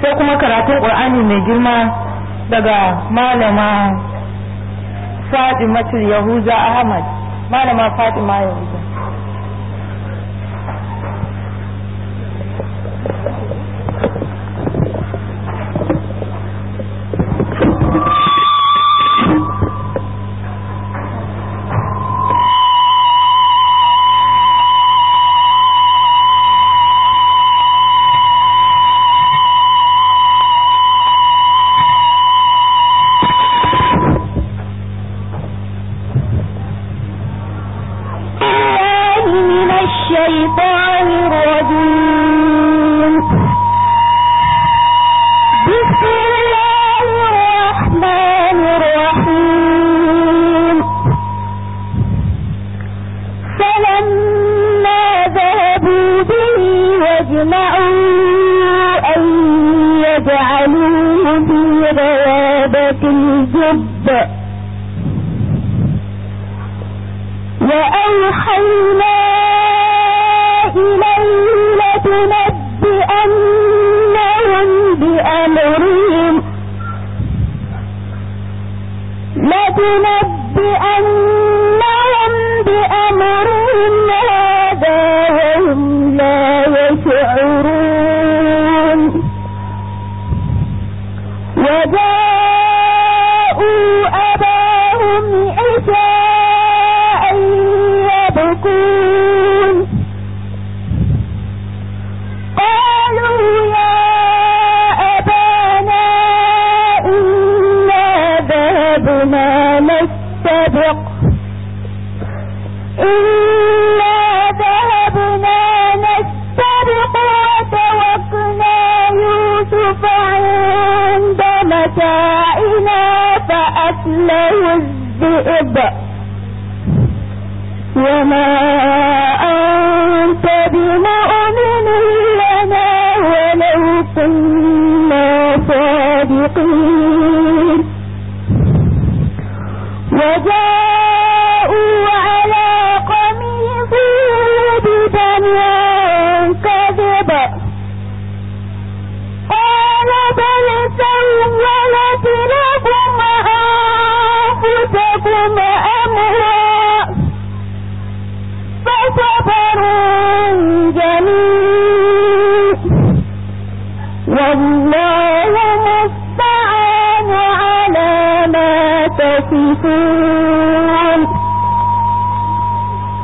sai kuma karatun ƙur'ani mai girma daga malama fatimatul yahuza ahmad malama fatima yahuza وأوحينا إليه لتنبئنهم بأمرهم لتنبئنهم بأمرهم الذئب وما أنت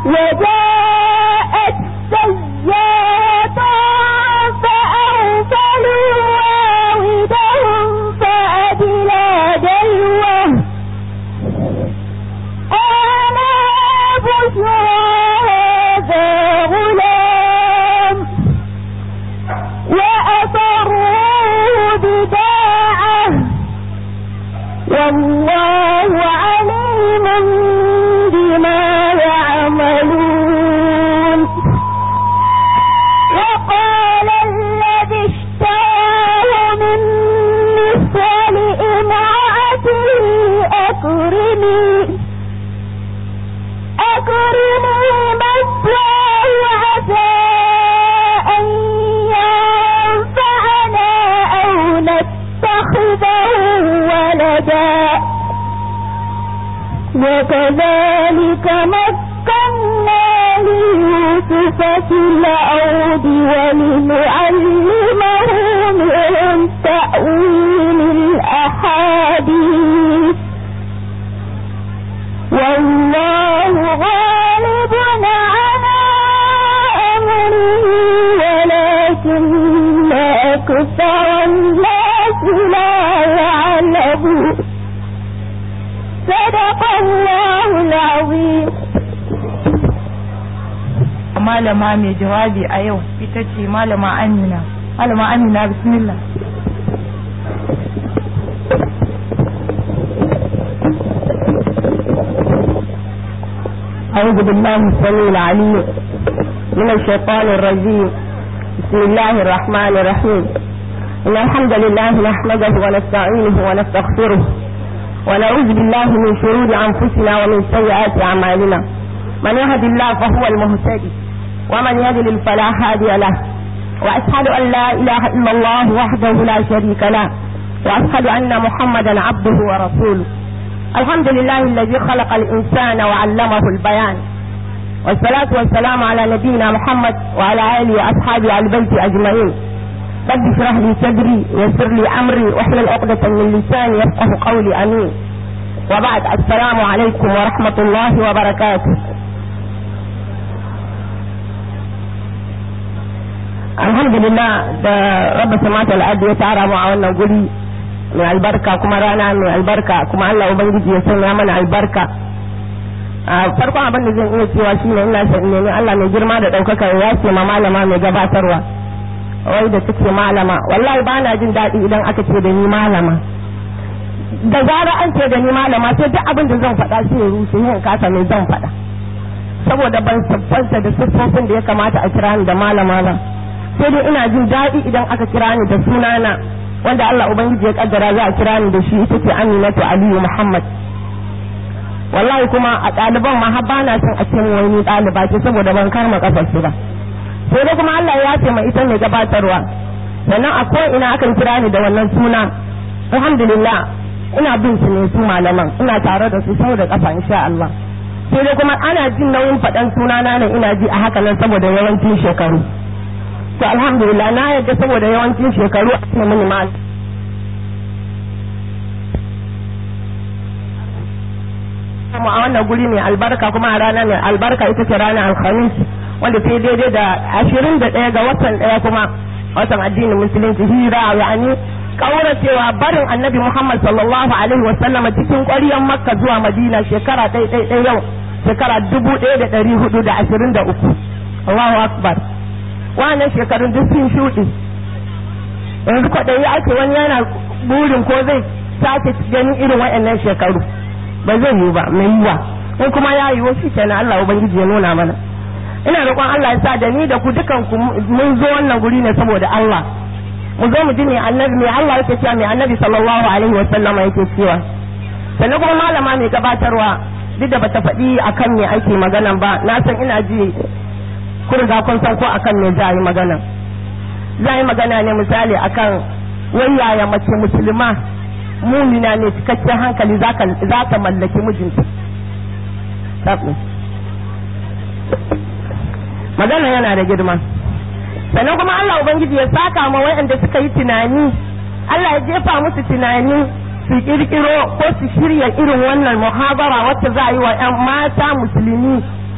وضع وكذلك مكنا ليوسف في الأرض ولنعلمه من تأويل الأحاديث والله غالب على أمره ولكن أكثر الناس لا يعلمون صدق الله العظيم malama mai jawabi a yau ita ce malama amina malama amina bismillah أعوذ بالله السميع العليم من الشيطان الرجيم بسم الله الرحمن الرحيم إن الحمد لله نحمده ونستعينه ونستغفره ونعوذ بالله من شرور أنفسنا ومن سيئات أعمالنا من يهد الله فهو المهتدي ومن يضلل فلا هادي له وأشهد أن لا إله إلا الله وحده لا شريك له وأشهد أن محمدا عبده ورسوله الحمد لله الذي خلق الإنسان وعلمه البيان والصلاة والسلام على نبينا محمد وعلى آله وأصحابه البيت أجمعين رب اشرح لي صدري ويسر لي امري واحلل عقدة من لساني يفقه قولي امين وبعد السلام عليكم ورحمة الله وبركاته الحمد لله ده رب سمعت ya tara معاونا a من البركة كما albarka من البركة كما albarka kuma Allah ubangiji من البركة mana farkon abin da zan iya cewa shine ina san ne Allah mai girma da daukaka ya ce ma malama mai gabatarwa wai da suke malama wallahi ba na jin daɗi idan aka ce da ni malama da zara an ce da ni malama sai duk abin da zan faɗa shi ya rushe yin kasa mai zan faɗa saboda ban sabbanta da siffofin da ya kamata a kira ni da malama ba sai dai ina jin daɗi idan aka kira ni da sunana wanda Allah ubangiji ya kaddara za a kira ni da shi ita ce Aminatu Aliyu Muhammad wallahi kuma a ɗaliban ma har na son a ce wani ɗaliba ce saboda ban karma kafar su ba sai da kuma Allah ya ce mai ita mai gabatarwa sannan a ko ina akan kira ni da wannan suna alhamdulillah ina bin su ne su malaman ina tare da su sau da kafa insha Allah sai da kuma ana jin nauyin faɗan na ne ina ji a haka nan saboda yawancin shekaru to alhamdulillah na yadda saboda yawancin shekaru a cikin mini kuma a wannan guri ne albarka kuma a rana ne albarka ita ce rana alhamis wanda sai daidai da ashirin da ɗaya ga watan ɗaya kuma watan addinin musulunci hira yani cewa barin annabi muhammad sallallahu alaihi wasallam cikin ƙwariyar makka zuwa madina shekara ɗaiɗaiɗai yau shekara dubu ɗaya da ɗari hudu da ashirin da uku allahu akbar wannan shekarun duk sun shuɗi yanzu kwaɗayi ake wani yana burin ko zai sake ganin irin waɗannan shekaru ba zai yiwu ba mai yiwa in kuma ya yiwu shi kenan allah ubangiji ya nuna mana ina roƙon Allah ya sa da ni da ku dukan ku mun zo wannan guri ne saboda Allah mu zo mu ji me Allah me Allah yake cewa me annabi sallallahu alaihi wa sallama yake cewa sannan kuma malama mai gabatarwa duk da bata faɗi akan me ake magana ba na san ina ji kurga kun san ko akan me za yi magana za yi magana ne misali akan wayaya mace musulma mumina ne cikakken hankali za mallaki mijinta. magana yana da girma sannan kuma Allah ubangiji ya saka ma wayanda suka yi tunani Allah ya jefa musu tunani su kirkiro ko su shirya irin wannan muhabara wacce za a yi wa 'yan mata musulmi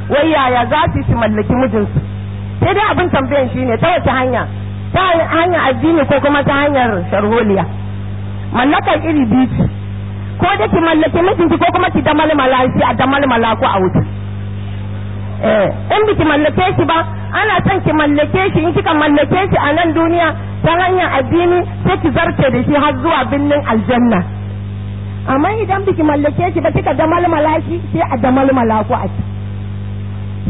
wai yaya za su su mallaki mijinsu sai dai abin tambayan shine ta wace hanya ta hanyar addini ko kuma ta hanyar sharholiya mallakar iri biyu ko da ki mallaki mijinki ko kuma ki damalmala shi a damalmala ko a wuce Eh, in biki mallake shi ba ana son ki mallake shi in kika mallake shi a nan duniya ta hanyar addini sai ki zarce da shi har zuwa birnin aljanna amma idan biki mallake shi ba kika damal shi sai a damal ku a ci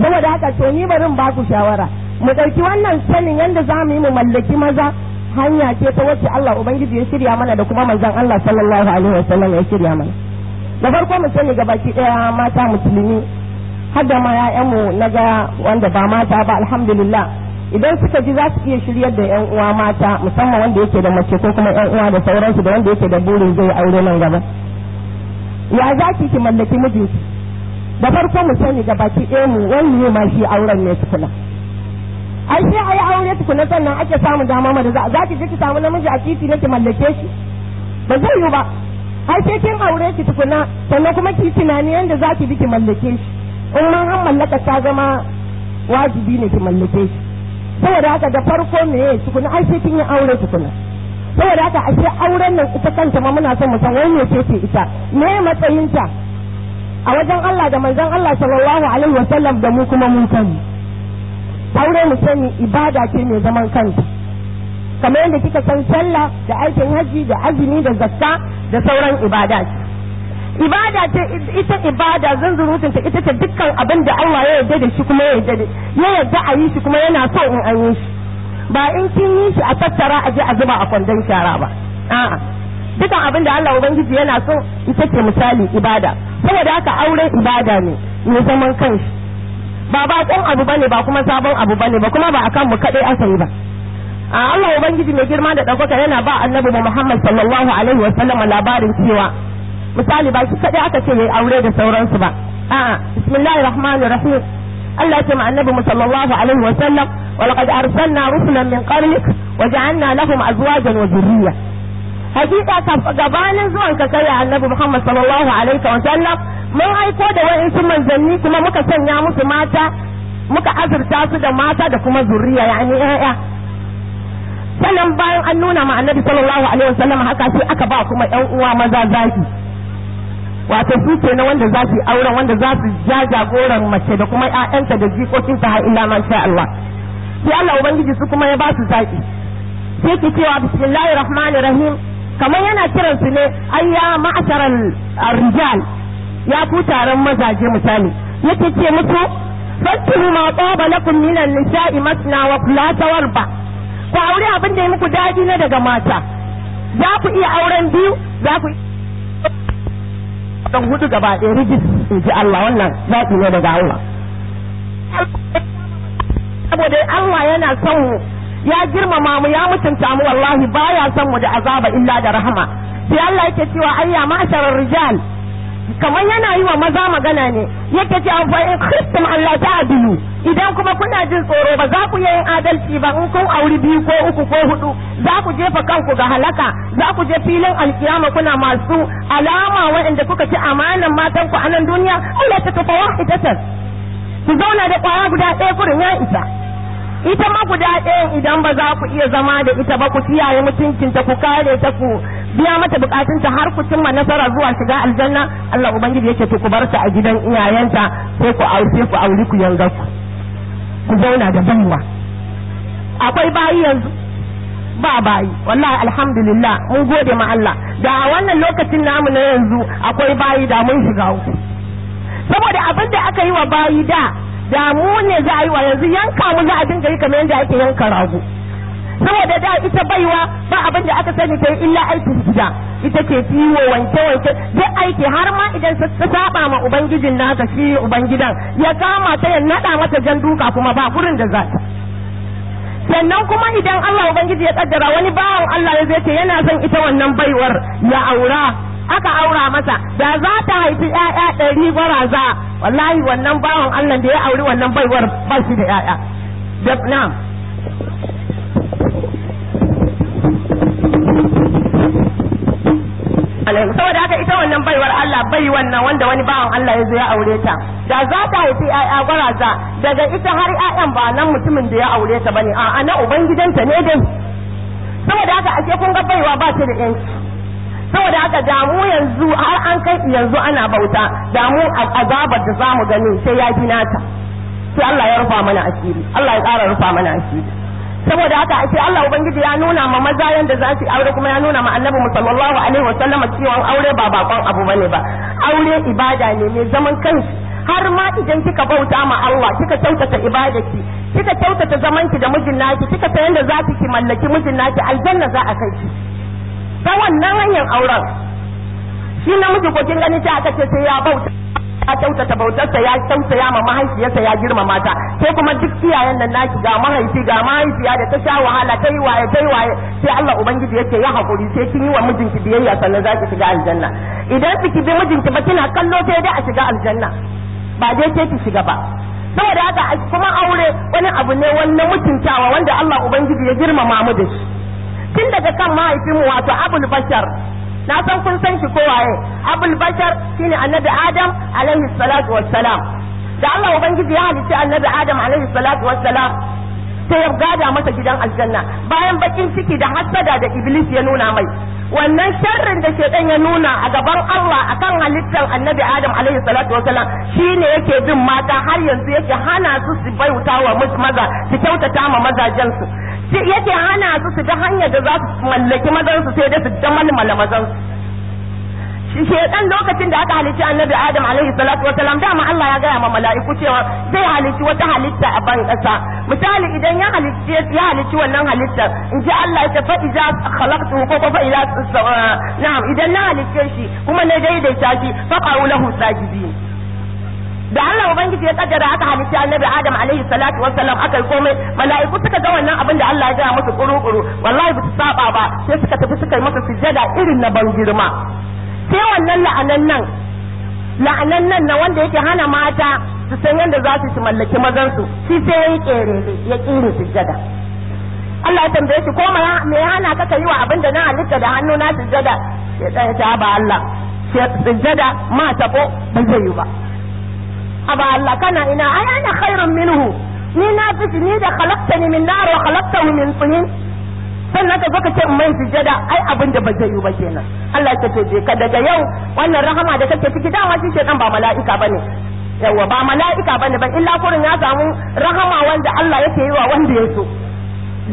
saboda haka to ni bari ba ku shawara mu ɗauki wannan sanin yadda za mu yi mu mallaki maza hanya ce ta wacce Allah ubangiji ya shirya mana da kuma manzon Allah sallallahu alaihi wasallam ya shirya mana da farko mu sani gabaki daya mata musulmi hadda ma ƴaƴanmu na ga wanda ba mata ba alhamdulillah idan suka ji za su iya shiryar da yan uwa mata musamman wanda yake da mace ko kuma yan uwa da sauransu da wanda yake da burin zai aure nan gaba ya za ki ki mallaki mijinki da farko mu sani ga baki ɗaya mu wani ne ma shi auren ne tukuna ai sai ai aure tukuna sannan ake samun dama da za ki je ki samu namiji a titi ne ki mallake shi ba zai yiwu ba ai sai kin aure ki tukuna sannan kuma ki tunani yanda za ki bi ki mallake shi in man an mallaka ta zama wajibi ne ki mallake shi saboda haka da farko me ya tukuna ai sai kin yi aure tukuna saboda haka ashe auren nan ita kanta ma muna son mu san wai ce ce ita me matsayinta a wajen Allah da manzon Allah sallallahu alaihi wasallam da mu kuma mun sani aure mu sani ibada ce mai zaman kanta kamar yadda kika san sallah da aikin haji da azumi da zakka da sauran ibada ibada ce ita ibada zanzurutun ta ita ta dukkan abin da Allah ya yarda da shi kuma ya yarda ya yarda a yi shi kuma yana so in an yi shi ba in kin yi shi a tattara a je a zuba a kwandon shara ba a'a dukkan abin da Allah ubangiji yana so ita ce misali ibada saboda haka aure ibada ne ne zaman kanshi ba bakon abu bane ba kuma sabon abu bane ba kuma ba akan mu kadai asali ba a Allah ubangiji mai girma da ɗaukaka yana ba annabi Muhammad sallallahu alaihi wa labarin cewa misali ba shi kadai aka ce yayi aure da sauransu ba a'a bismillahir rahmanir rahim Allah ce ma annabi mu sallallahu alaihi wa sallam wa laqad arsalna rusulan min qablik wa ja'alna lahum azwajan wa dhurriyya hakika ka gabanin zuwan ka kai annabi Muhammad sallallahu alaihi wa sallam mun aiko da wa'insu manzanni kuma muka sanya musu mata muka azurta su da mata da kuma zuriya yani yaya. sannan bayan an nuna ma annabi sallallahu alaihi sallam haka sai aka ba kuma ƴan uwa maza zaki wato su ke na wanda za su yi auren wanda za su ja jagoran mace da kuma ƴaƴanta da jikokinta har ila man sha Allah sai Allah ubangiji su kuma ya ba su zaƙi. sai ki cewa bismillahir rahmanir rahim kamar yana kiran su ne ayya ma'asharal rijal ya ku taron mazaje misali yake ce musu fattihu ma taba lakum minan nisa'i masna wa thulatha wa ku aure abin da ya muku dadi ne daga mata za ku iya auren biyu za ku dan hudu gaba ɗaya rigid in ji Allah wannan zaki ne daga Allah saboda Allah yana son mu ya girmama mu ya mutunta mu wallahi baya son mu da azaba illa da rahama sai Allah yake cewa ayya masharar rijal kamar yana yi wa maza magana ne yake ce an fa'in kristin Allah ta adilu idan kuma kuna jin tsoro ba za ku yi yin adalci ba in kun auri biyu ko uku ko hudu za ku jefa kanku ga halaka za ku je filin alkiyama kuna masu alama waɗanda kuka ci amanan matan ku a nan duniya Allah ta kafa ku zauna da kwaya guda ɗaya kurin ya isa ita ma guda ɗayan idan ba za ku iya zama da ita ba ku kiyaye mutuncinta ku kare ta ku biya mata bukatunta har ku cimma nasara zuwa shiga aljanna Allah ubangiji yake to ku bar ta a gidan iyayenta sai ku aure ku aure ku yanga ku ku zauna da baiwa akwai bayi yanzu ba bayi wallahi alhamdulillah mun gode ma Allah da wannan lokacin namu na yanzu akwai bayi da mun shiga ku saboda abin da aka yi wa bayi da da mu ne za a yi wa yanzu yanka mu za a dinga yi kamar yadda ake yanka rago saboda da ita baiwa ba abin da aka sani ta yi illa aikin gida ita ke ciwo wanke wanke duk aiki har ma idan ta saba ma ubangijin naka shi ubangidan ya kama ta ya nada mata jan duka kuma ba gurin da za sannan kuma idan Allah ubangiji ya kaddara wani bawan Allah ya zai ce yana son ita wannan baiwar ya aura aka aura masa da za ta haifi ƴaƴa ɗari gwaraza wallahi wannan bawan Allah da ya auri wannan baiwar ba shi da ƴaƴa da na'am saboda haka ita wannan baiwar Allah bai wannan wanda wani bawan Allah ya zo ya aure ta da za ta haifi ƴaƴa gwaraza daga ita har ƴaƴan ba nan mutumin da ya aure ta bane a'a na ubangidanta ne dai saboda haka ashe kun ga baiwa ba ta da yanci saboda haka damu yanzu har an kai yanzu ana bauta damu azabar da zamu gani sai ya fi nata sai Allah ya rufa mana asiri Allah ya ƙara rufa mana asiri saboda haka ashe Allah ubangiji ya nuna ma maza yanda za su aure kuma ya nuna ma annabi sallallahu alaihi wa sallama cewa aure ba bakon abu bane ba aure ibada ne mai zaman kanshi har ma idan kika bauta ma Allah kika kyautata ibadaki kika kyautata zamanki da mijin naki kika ta yanda za ki mallaki mijin naki aljanna za a kai ki ta wannan hanyar auren shi namiji ko kin gani ta aka ce sai ya bauta ya kyautata bautarsa ya kyautaya ma mahaifiyarsa ya girmama mata sai kuma duk iyayen nan naki ga mahaifi ga mahaifiya da ta sha wahala ta yi waye ta yi waye sai Allah ubangiji yake ya hakuri sai kin yi wa mijinki biyayya sannan za ki shiga aljanna idan ki bi mijinki ba kina kallo sai dai a shiga aljanna ba dai sai ki shiga ba saboda haka kuma aure wani abu ne wani mutuntawa wanda Allah ubangiji ya girmama mu da shi tun daga kan mahaifinmu wato abul bashar na san kun san shi kowaye abul bashar shine annabi adam alaihi salatu wassalam da Allah ubangiji ya halitta annabi adam alaihi salatu wassalam sai ya gada masa gidan aljanna bayan bakin ciki da hasada da iblis ya nuna mai wannan sharrin da shedan ya nuna a gaban Allah akan halittar annabi Adam alaihi salatu wasalam shine yake bin mata har yanzu yake hana su su bayuta wa maza su kyautata ma mazajen su yake hana su su da hanyar da za su mallaki mazan su sai da su damalmala mazan su shedan lokacin da aka halici annabi adam alaihi salatu wa salam dama Allah ya gaya ma mala'iku cewa zai halici wata halitta a ban kasa misali idan ya halici ya halici wannan halitta in ji Allah ya fa iza khalaqtu ko fa ila na'am idan na halice shi kuma na daidaita shi fa qaulahu sajidin da Allah ubangiji ya kaddara aka halitta annabi Adam alaihi salatu wassalam aka yi komai mala'iku suka ga wannan abin da Allah ya gaya musu kuru kuru wallahi ba su saba ba sai suka tafi suka yi masa sujada irin na ban girma sai wannan la'anan nan la'anan nan na wanda yake hana mata su san yadda za su su mallaki mazansu shi sai ya yi kere ya kire sujjada Allah ya tambaye shi ko me ya hana ka yi wa abin da na halitta da hannu na sujjada ya tsaya ta ba Allah sujjada ma ko ba zai yi ba aba Allah kana ina ai ana khairun minhu ni na fi ni da khalaqtani min nar wa khalaqtahu min tin sannan ka zo ka ce mai sujada ai abin da ba zai yi ba kenan Allah ya to ka daga yau wannan rahama da kake ciki dama shi shedan ba mala'ika bane yawa ba mala'ika bane ba illa kurin ya samu rahama wanda Allah yake yi wa wanda ya so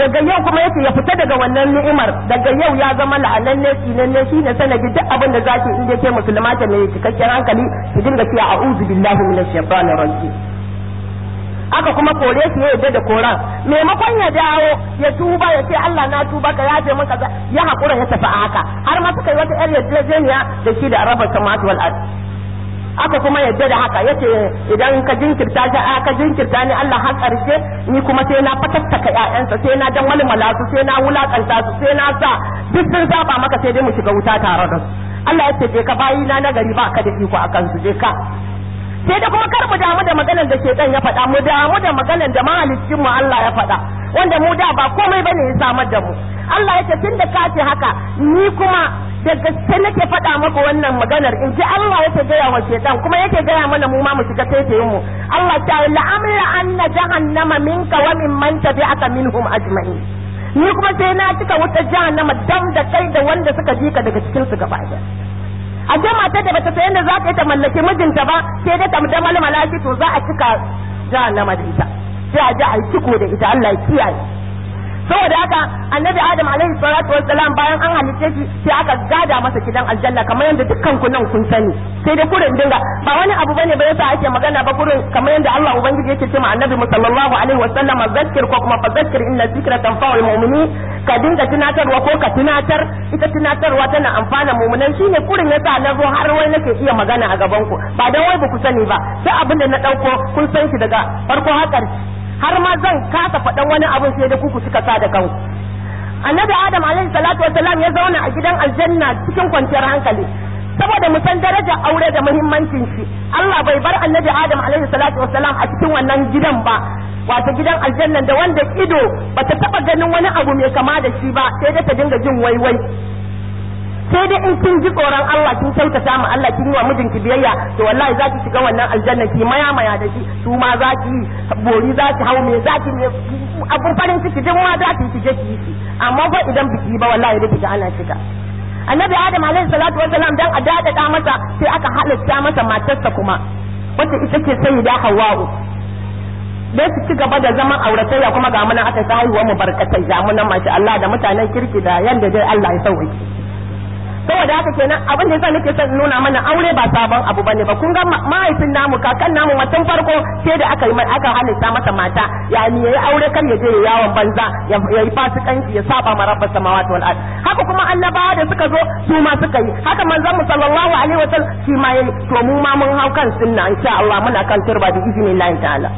daga yau kuma yake ya fita daga wannan ni'imar daga yau ya zama la'ananne sinanne shi ne sanadi duk abin da zaki in je ke musulma ta ne cikakken hankali ki dinga cewa a'udhu billahi minash shaitanir rajim aka kuma kore shi ya yadda da koran maimakon ya dawo ya tuba ya ce Allah na tuba ka yaje mun kaza ya hakura ya tafi a haka har ma suka yi wata yar yarjejeniya da shi da arabar samatu wal ard aka kuma yadda da haka yace idan ka jinkirta ta ka jinkirta ni Allah har karshe ni kuma sai na fatattaka ƴaƴansa sai na dan malmala su sai na wulakanta su sai na sa duk sun saba maka sai dai mu shiga wuta tare da su Allah ya ce ka bayi na nagari ba ka da iko akan su je ka sai da kuma kar mu damu da magana da shedan ya faɗa mu damu da maganar da mahaliccin mu Allah ya faɗa wanda mu da ba komai bane ya samar da mu Allah ya tunda ka ce haka ni kuma da gaske nake faɗa maka wannan maganar in ji Allah yake gaya wa shedan kuma yake gaya mana mu ma mu shiga taitayin mu Allah ta la'amra anna jahannama minka wa mimman tabi'aka minhum ajma'in ni kuma sai na cika wuta jahannama dam da kai da wanda suka ji daga cikin su gaba ɗaya a ce matar da bata sayan da za ta yi ta mallaki mijinta ba sai dai ta da malmala to za a cika jahannama da ita sai a ji a yi ciko da ita Allah ya kiyaye saboda haka annabi adam alaihi salatu wassalam bayan an halice shi sai aka gada masa gidan aljanna kamar yadda dukkan ku nan kun sani sai dai kurin dinga ba wani abu bane ba yasa ake magana ba kurin kamar yadda Allah ubangiji yake cewa annabi sallallahu alaihi wasallam zakkir ko kuma fa zakkir inna zikra tanfa'ul mu'minin ka dinga tunatarwa ko ka tunatar ita tunatarwa tana amfana mu'minan shine kurin yasa na zo har wai nake iya magana a gaban ku ba dan wai ba ku sani ba sai abin da na dauko kun san shi daga farko har har ma zan kasa faɗan wani abin sai da kuku suka sa da kanku annabi adam alaihi salatu salam ya zauna a gidan aljanna cikin kwanciyar hankali saboda mu san daraja aure da muhimmancin shi Allah bai bar annabi adam alaihi salatu salam a cikin wannan gidan ba wato gidan aljanna da wanda ido bata taba ganin wani abu mai kama da shi ba sai da ta dinga jin waiwai sai dai in kin ji tsoron Allah kin kyautata ma Allah kin yi wa mijinki biyayya to wallahi za ki shiga wannan aljanna ki maya maya da shi su ma za ki bori za ki hau me za ki me abun farin ciki duk ma za ki ki je ki yi amma ko idan biki ba wallahi da kiga ana shiga annabi adam alaihi salatu wassalam dan a dadada masa sai aka halatta masa matarsa kuma wacce ita ce sayyida hawwa'u da su ci gaba da zaman auratayya kuma ga muna aka ta haihuwa mu barkatai ga muna masha Allah da mutanen kirki da yanda dai Allah ya sauke saboda haka kenan abin da yasa nake son nuna mana aure ba sabon abu bane ba kun ga mahaifin namu kakan namu matan farko sai da aka yi aka halitta masa mata yani yayi aure kan ya je ya yawon banza ya yi fasikanci ya saba ma rabbas samawati wal ard haka kuma annabawa da suka zo su ma suka yi haka manzon mu sallallahu alaihi wasallam shi ma yayi to mu ma mun hau kan sunna insha Allah muna kan turba izinin Allah ta'ala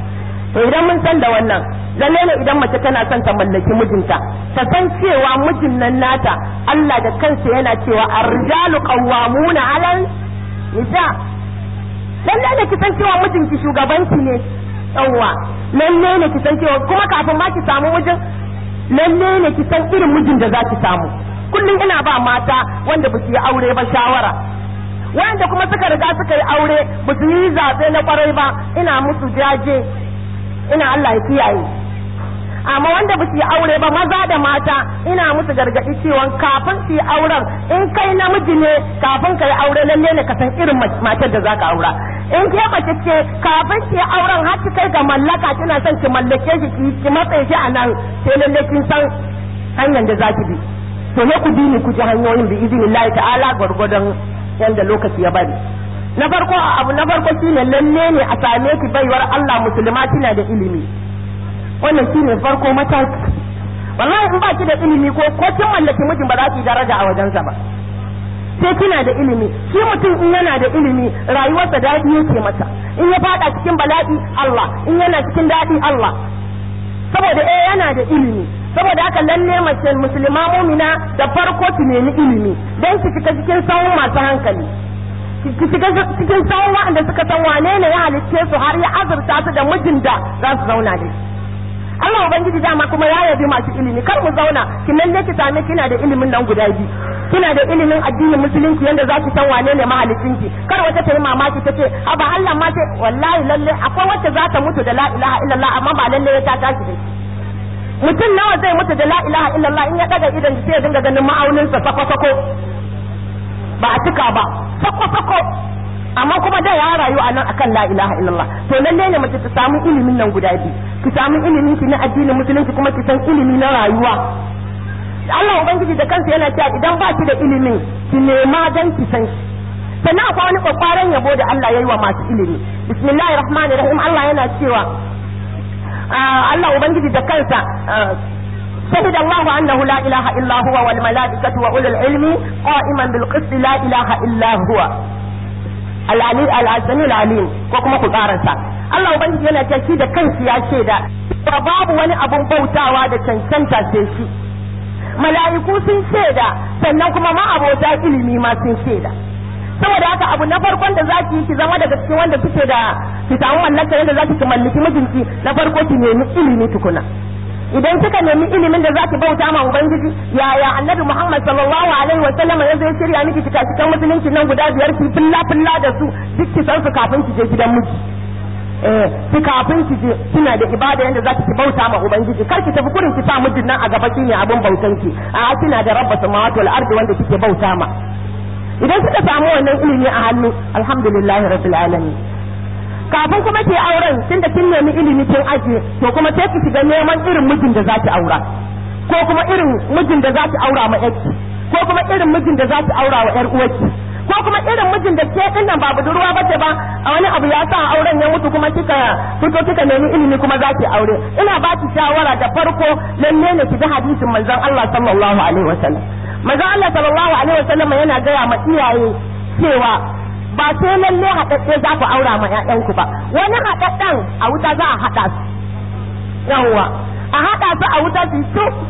to idan mun san da wannan lalle ne idan mace tana son ta mallaki mijinta ta san cewa mijin nan nata Allah da kansa yana cewa arjalu qawwamuna 'alan nisa lalle ne ki san cewa mijinki shugabanki ne yawwa lalle ne ki san cewa kuma kafin ma ki samu mijin lalle ne ki san irin mijin da za samu kullum ina ba mata wanda ba su yi aure ba shawara wanda kuma suka riga suka yi aure ba su yi zaɓe na kwarai ba ina musu jaje ina Allah ya kiyaye amma wanda ba su aure ba maza da mata ina musu gargaɗi cewa kafin su auren in kai namiji ne kafin ka yi aure lalle ne ka san irin matar da zaka aura in ke mace ce kafin ki auren har ki kai ga mallaka kina son ki mallake shi ki matsaye shi a nan sai lalle kin san hanyar da zaki bi to ne ku bi ni ku ji hanyoyin bi izinillahi ta'ala gwargwadon yanda lokaci ya bari na farko abu na farko shine lalle ne a same ki baiwar Allah musulma kina da ilimi wannan shine farko mataki wallahi in ba ki da ilimi ko ko kin mallaki mijin ba za ki daraja a wajensa ba sai kina da ilimi shi mutum in yana da ilimi rayuwarsa daɗi yake mata. in ya fada cikin bala'i Allah in yana cikin daɗi Allah saboda eh yana da ilimi saboda haka lalle mace musulma mumina da farko ki nemi ilimi dan ki fita cikin sawun masu hankali cikin sauran wa'anda suka san wane ne ya halicce su har ya azurta su da mijin da za su zauna da shi Allah ubangiji dama kuma ya yabi masu ilimi kar mu zauna ki nan ne ki same kina da ilimin nan guda biyu kina da ilimin addinin musulunci yanda za ki san wane ne mahalicin ki kar wata ta yi mamaki ta ce a ba Allah ma ce wallahi lalle akwai wacce za ta mutu da la ilaha illallah amma ba lalle ya ta tashi da shi mutum nawa zai mutu da la ilaha illallah in ya daga idan sai ya dinga ganin ma'aunin sa sako sako ba a cika ba sako sako amma kuma da ya rayu a nan akan la ilaha illallah to lalle ne mace ta samu ilimin nan guda biyu ki samu ilimin ki na addinin musulunci kuma ki san ilimi na rayuwa Allah ubangiji da kansa yana cewa idan ba ki da ilimin ki nema dan ki san shi sannan akwai wani kwakwaran yabo da Allah ya yi wa masu ilimi bismillahir rahmanir rahim Allah yana cewa ah, Allah ubangiji da kansa ah, شهد الله أنه لا إله إلا هو والملائكة وأولو العلم قائما بالقسط لا إله إلا هو العلي العليم وكما قل أرسا Allah Ubangiji yana ta da kansu ya ce da ba babu wani abun bautawa da cancanta sai shi mala'iku sun ce da sannan kuma ma abota ilimi ma sun ce da saboda haka abu na farkon da zaki yi ki zama daga cikin wanda suke da ki samu mallaka yadda zaki ki mallaki mijinki na farko ki nemi ilimi tukuna idan kika nemi ilimin da zaki bauta ma ubangiji yaya annabi muhammad sallallahu alaihi wa sallam ya zai shirya miki cika kan musulunci nan guda biyar ki filla filla da su duk ki san su kafin ki je gidan miji eh ki kafin ki je kina da ibada yanda zaki ki bauta ma ubangiji kar ki tafi kurin ki sa mijin nan a gaba ne abin bautan ki a kina da rabbus samawati wal ardi wanda kike bauta ma idan suka samu wannan ilimi a hannu alhamdulillahi rabbil alamin kafin kuma ke auren tun da kin nemi ilimi kin aje to kuma sai ki shiga neman irin mijin da zaki aura ko kuma irin mijin da zaki aura ma yarki ko kuma irin mijin da zaki aura wa yar uwarki ko kuma irin mijin da ke din nan ba budurwa bace ba a wani abu ya sa auren ya mutu kuma kika fito kika nemi ilimi kuma zaki aure ina ba ki shawara da farko lalle ne ki ga hadisin manzon Allah sallallahu alaihi wasallam manzon Allah sallallahu alaihi wasallam yana gaya ma iyaye cewa ba sai lalle haɗaɗɗe za ku aura ma 'ya'yanku ba wani haɗaɗɗen a wuta za a haɗa su yawwa a haɗa su a wuta su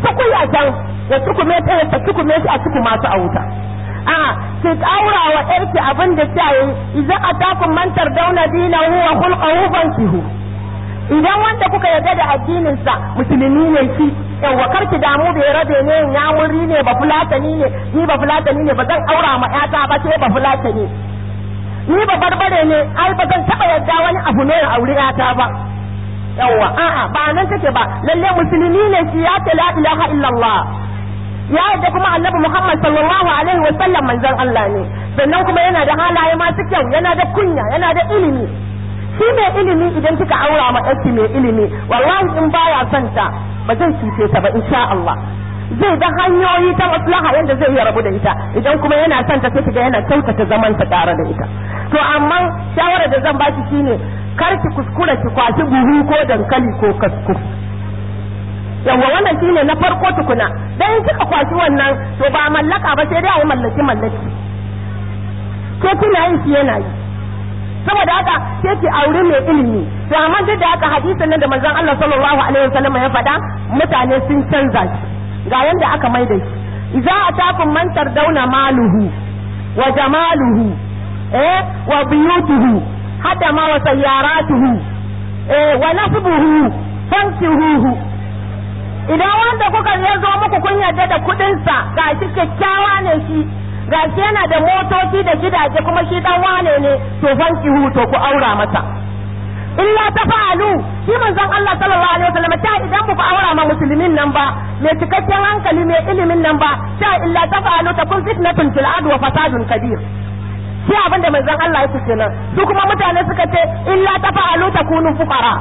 tukuya can ya tukume ta ya tukume shi a suku masu a wuta a ki aura wa ɗarki abin da ta yi idan a takun mantar dauna dina huwa hulƙa ban kihu idan wanda kuka yarda da addininsa musulmi ne shi yawwa kar ki damu bai rabe ne ya wuri ne ba fulatani ne ni ba fulatani ne ba zan aura ma ƴata ba sai ba fulatani ni ba barbare ne ai ba zan taba yadda wani abu ne ya aure ta ba yawa a'a ba nan take ba lalle musulmi ne shi ya ta la ilaha illallah ya yadda kuma annabi Muhammad sallallahu alaihi wa sallam manzon Allah ne sannan kuma yana da halaye masu kyau yana da kunya yana da ilimi shi mai ilimi idan kika aura ma ɗanki mai ilimi wallahi in baya son ba zai cuce ta ba insha Allah zai ga hanyoyi ta maslaha yadda zai iya rabu da ita idan kuma yana son ta sai ga yana kyautata zaman ta tare da ita to amma shawara da zan baki shine kar ki kuskura ki kwashi buhu ko dankali ko kaskus yawa wannan shine na farko tukuna dan in kika kwashi wannan to ba mallaka ba sai dai ayi yi mallaki mallaki ko kina yin shi yana yi saboda haka sai ki aure mai ilimi to amma duk da haka hadisin nan da manzon Allah sallallahu alaihi wasallam ya faɗa mutane sun canza shi ga yanda aka maida shi idza atakum mantar dauna maluhu wa jamaluhu eh wa biyutuhu hatta ma wa sayyaratuhu eh wa nasbuhu fankihuhu idan wanda kuka yazo muku kun yarda da kudin sa shi kyakkyawa ne shi gashi yana da motoci da gidaje kuma shi dan wane ne to fankihu to ku aura masa illa tafa'alu shi manzon Allah sallallahu alaihi wasallam ta idan ba aura ma musulmin nan ba mai cikakken hankali me ilimin nan ba ta illa tafa'alu kun fitnatun fil ard wa fasadun kabir shi abin da manzon Allah ya ce nan su kuma mutane suka ce illa tafa'alu kunu fuqara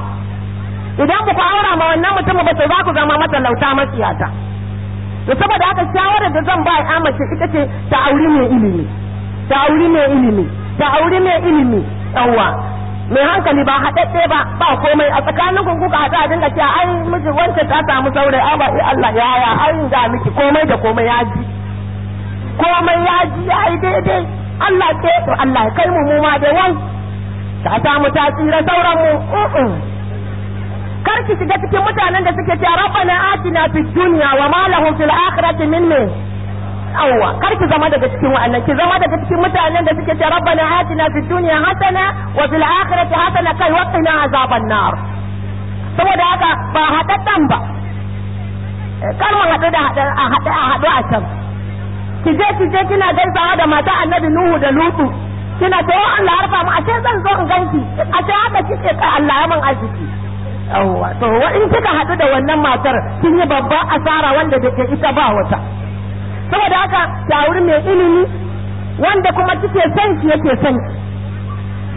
idan ba ku aura ma wannan mutumin ba sai za ku zama matalauta masiyata to saboda haka shawarar da zan ba ya amace ita ce ta auri mai ilimi ta auri mai ilimi ta auri mai ilimi yawwa mai hankali ba haɗaɗɗe ba ba komai a tsakanin ku kuka haɗa a dinga cewa ai miji wancan ta samu saurayi a ba eh, Allah ya ya ai ga miki komai da komai ya ji komai ya ji ya yi daidai Allah ke to Allah kai mu mu ma da wai ta samu ta tsira sauran mu kar ki shiga cikin mutanen da suke cewa rabbana atina fid dunya wa ma lahum fil akhirati min yawwa kar ki zama daga cikin wa'annan ki zama daga cikin mutanen da suke ce rabbana atina fid dunya hasana wa fil akhirati hasana kai wa qina azaban nar saboda haka ba hadaddan ba eh, kar mu hadu da haɗu hadu a hadu a can ki je ki je kina gaisawa da mata annabi nuhu da lutu kina ta oh, Allah harfa mu ashe zan zo in ganki ashe haka kike ka Allah ya min arziki yawwa to in kika hadu da wannan matar kin yi babban asara wanda da ke ita ba wata saboda haka ta wuri mai ilimi wanda kuma kike son ki yake son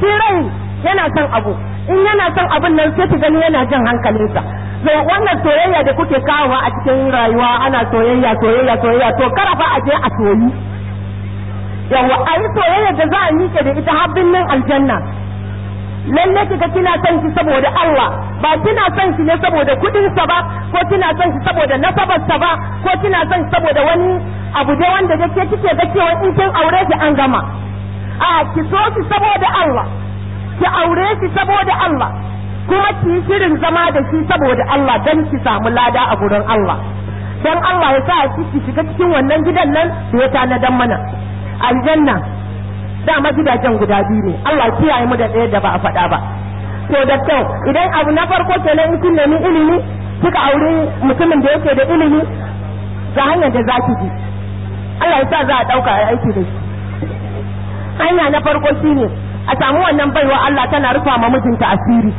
ki rai yana son abu in yana son abun nan sai ki gani yana jin hankalinsa to wannan soyayya da kuke kawowa a cikin rayuwa ana soyayya soyayya soyayya to karafa a je a soyi yawa a yi soyayya da za a miƙe da ita har birnin aljanna lalle kika kina son shi saboda Allah ba kina son shi ne saboda kudin sa ba ko kina son shi saboda nasabar sa ba ko kina son shi saboda wani abu da wanda kake kike da cewa in kin aure shi an gama a ki so shi saboda Allah ki aure shi saboda Allah kuma ki shirin zama da shi saboda Allah dan ki samu lada a gurin Allah dan Allah ya sa ki shiga cikin wannan gidan nan da ya dan mana aljanna dama gidajen guda biyu ne Allah kiyaye mu da ɗaya da ba a faɗa ba to da kyau idan abu na farko kenan in kun nemi ilimi kika aure mutumin da yake da ilimi ga hanyar da zaki bi Allah ya sa za a ɗauka a aiki da shi hanya na farko shine a samu wannan baiwa Allah tana rufa ma mijinta asiri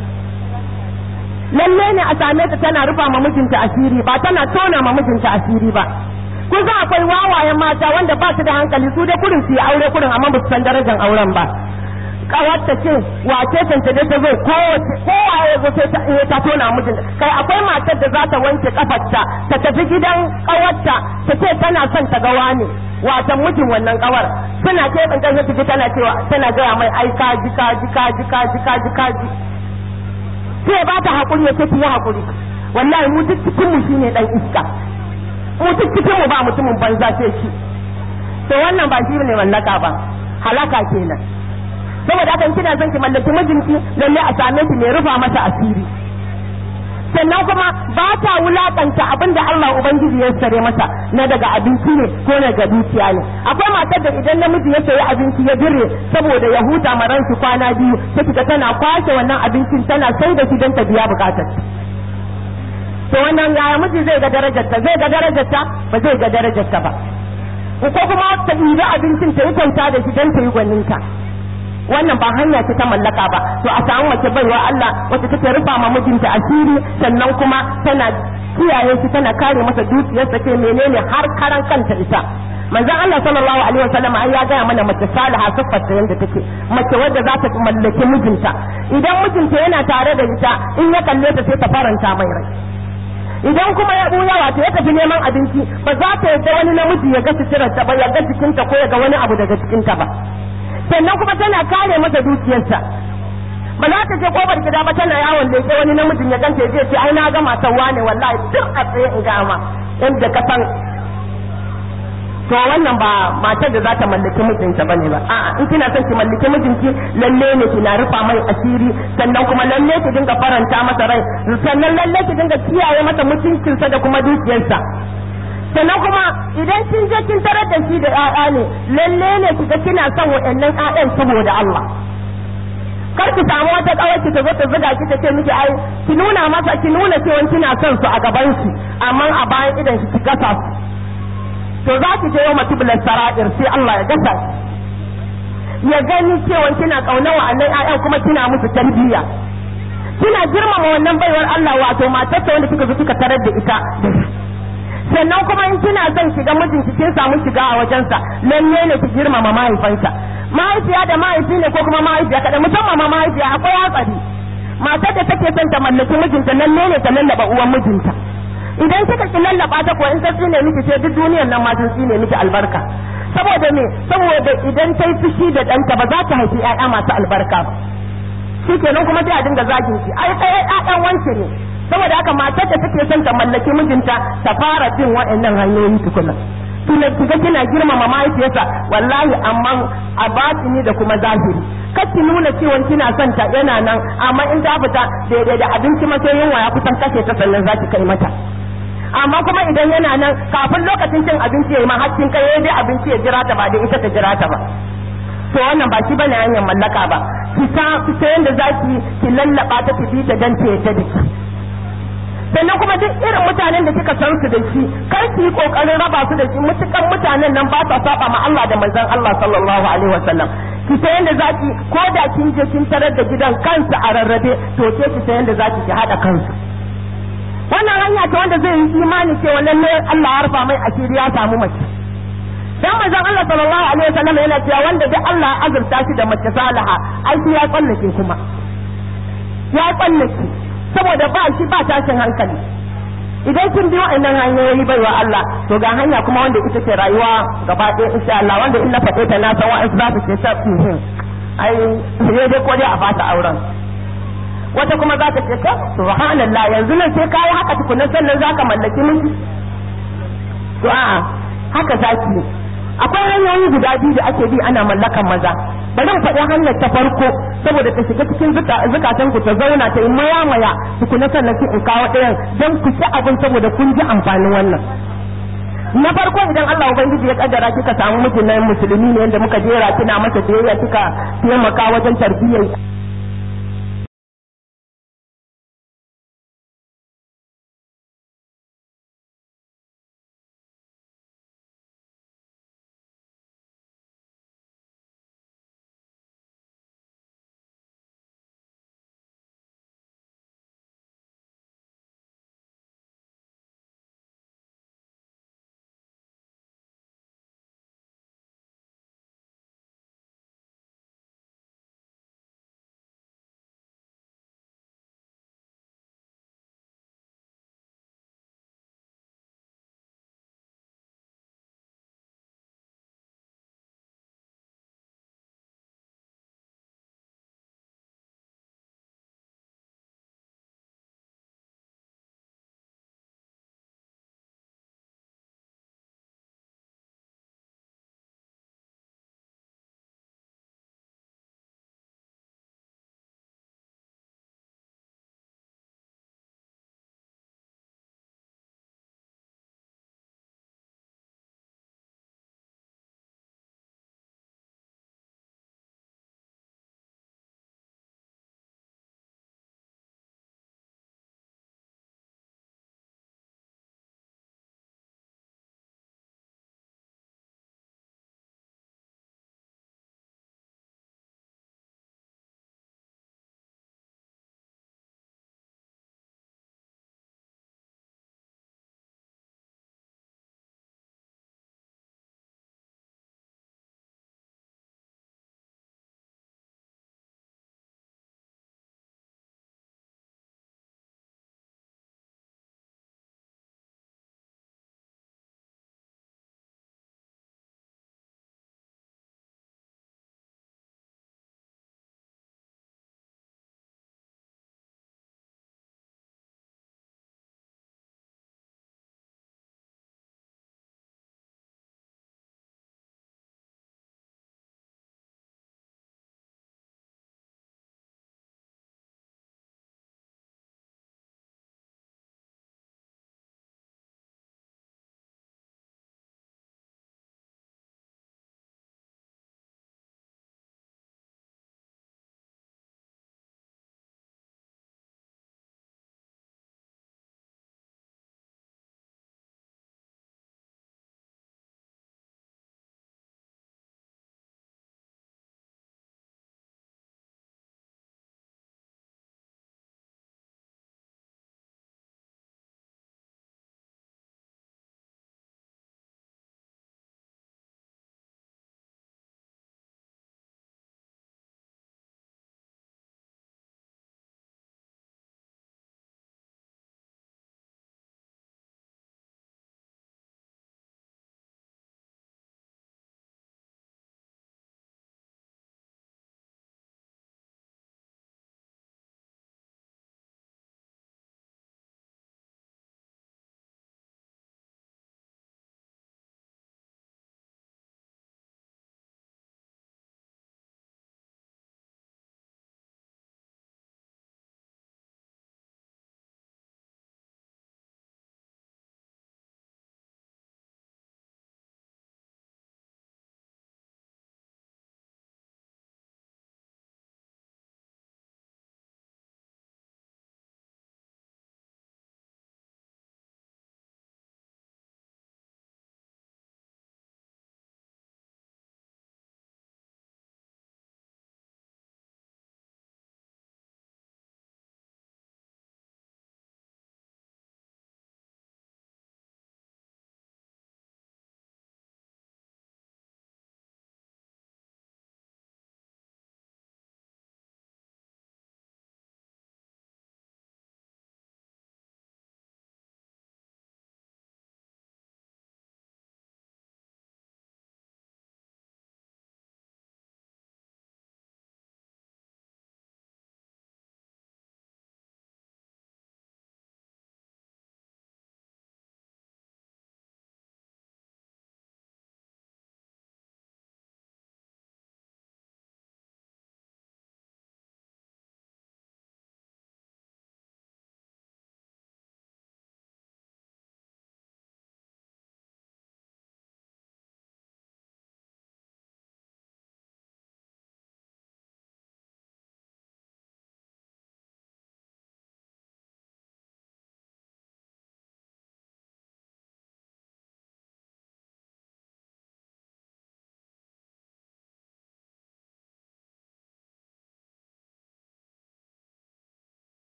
lalle ne a same ta tana rufa ma mijinta asiri ba tana tona ma mijinta asiri ba ko za akwai wawayen mata wanda ba su da hankali su da kurin su yi aure kurin amma ba su san darajar auren ba kawarta ce wace tanta da ta zo ko ko waye zo sai ta eh, tona mutum kai akwai matar da za ta wanke kafarta ta tafi gidan kawarta ta ce tana son ta ga wani watan mijin wannan kawar suna ke ban kan tafi tana cewa tana ga mai ai kaji kaji kaji kaji kaji kaji sai ba ta hakuri ya ce yi hakuri wallahi mu duk cikin mu shine dan iska ko duk cikin mu ba mutumin banza sai shi to wannan ba shi ne mallaka ba halaka kenan saboda haka kina zan ki mallaki mijinki lalle a same ki mai rufa masa asiri sannan kuma ba ta wulakanta abin da Allah Ubangiji ya sare masa na daga abinci ne ko na ga dukiya ne akwai matar da idan namiji ya sayi abinci ya dire saboda ya huta ma ransu kwana biyu ta fita tana kwashe wannan abincin tana sai da shi don ta biya bukatar to wannan yaya miji zai ga darajarta zai ga darajarta ba zai ga darajarta ba ko kuma ta ɗibi abincin ta yi kwanta da shi dan ta yi gwanin ta wannan ba hanya ce ta mallaka ba to a samu mace baiwa Allah wacce take rufa ma mijinta asiri sannan kuma tana kiyaye shi tana kare masa dukiyarsa ce menene har karan kanta ita manzon Allah sallallahu alaihi wasallam ai ya gaya mana mace salaha sifar ta yanda take mace wadda za ta mallaki mijinta idan mijinta yana tare da ita in ya kalle ta sai ta faranta mai rai idan kuma ya buya wato ya tafi neman abinci ba za ta yarda wani namiji ya ga ta ba ya ga ta ko ya ga wani abu daga cikin ta ba sannan kuma tana kare masa dukiyarsa ba za ta je kofar gida ba tana yawon yake wani namiji ya ganta ya ce ai na ga matan wane wallahi duk a tsaye in gama inda ka san to wannan ba matar da za ta mallaki mijinta bane ba a'a in kina son ki mallaki mijinki lalle ne kina rufa mai asiri sannan kuma lalle ki dinga faranta masa rai sannan lalle ki dinga kiyaye masa mutuncinsa da kuma dukiyarsa sannan kuma idan kin je kin tarar da shi da ƴaƴa ne lalle ne ki ga kina son wa'annan ƴaƴan saboda Allah kar ki samu wata kawai ki ta zo ta zuga ki ta ce miki ai ki nuna masa ki nuna cewa kina son su a gaban shi amma a bayan idan ki gasa su to za ki je yau matiblar sara'ir sai Allah ya gasa ya gani cewa kina kauna annai ayan kuma kina musu tarbiyya kina girmama wannan baiwar Allah wato matar wanda kika zo kika tarar da ita sannan kuma in kina zan shiga ki kin samu shiga a wajensa lalle ne ki girmama mahaifansa mahaifiya da mahaifi ne ko kuma mahaifiya kada musamman ma mahaifiya akwai hatsari matar da take son ta mallaki mijinta lalle ne ta lallaba uwan mijinta idan kika ki lallaba ta ko in ta tsine miki sai duk duniyar nan ma sun ne miki albarka saboda me saboda idan ta yi fushi da ɗanta ba za ta haifi 'ya'ya masu albarka ba shi kenan kuma sai a dinga zagin shi ai kai yayan wance ne saboda haka matar da take son ta mallaki mijinta ta fara bin waɗannan hanyoyin tukuna tuna kiga kina girmama mahaifiyarsa wallahi amma a ni da kuma zahiri kar ki nuna cewa kina son ta yana nan amma in ta fita daidai da abinci ma sai yunwa ya kusan kashe ta sannan zaki kai mata amma kuma idan yana nan kafin lokacin cin abinci yayi ma hakkin kai yayi dai abinci ya jira ta ba da ita ta jira ta ba to wannan ba shi bane hanyar mallaka ba ki sa ki sayan da zaki ki lallaba ta ki ta dan ce ta diki sannan kuma duk irin mutanen da kika san su da shi kar ki yi kokarin raba su da shi mutukan mutanen nan ba sa saba ma Allah da manzon Allah sallallahu alaihi wasallam ki san yanda zaki ko da kin je kin tarar da gidan kansu a rarrabe to ke ki san yanda zaki ki hada kansu wannan hanya ta wanda zai yi imani cewa lalle Allah ya rufa mai asiri ya samu mace dan manzon Allah sallallahu alaihi wasallam yana cewa wanda duk Allah ya azurta shi da mace salaha ai shi ya tsallake kuma ya tsallake saboda ba shi ba tashin hankali idan kun bi wa'annan hanyoyi baiwa Allah to ga hanya kuma wanda ita ce rayuwa gaba ɗaya insha Allah wanda in na faɗe ta na san wa'ansu za su ce sai uhm, ai sai dai ko dai a fata auren wata kuma za ta ce subhanallah yanzu nan sai kayi haka tukunan sannan za ka mallaki miji to a haka za ki akwai hanyoyi guda biyu da ake bi ana mallakan maza bari mu faɗi hanyar ta farko saboda ta shiga cikin zukatan ku ta zauna ta yi maya maya tukunan sannan sai in kawo ɗayan don ku ci abin saboda kun ji amfanin wannan na farko idan Allah ubangiji ya kaddara kika samu mijin nan musulmi ne yanda muka jera kina masa biyayya kika taimaka wajen tarbiyyar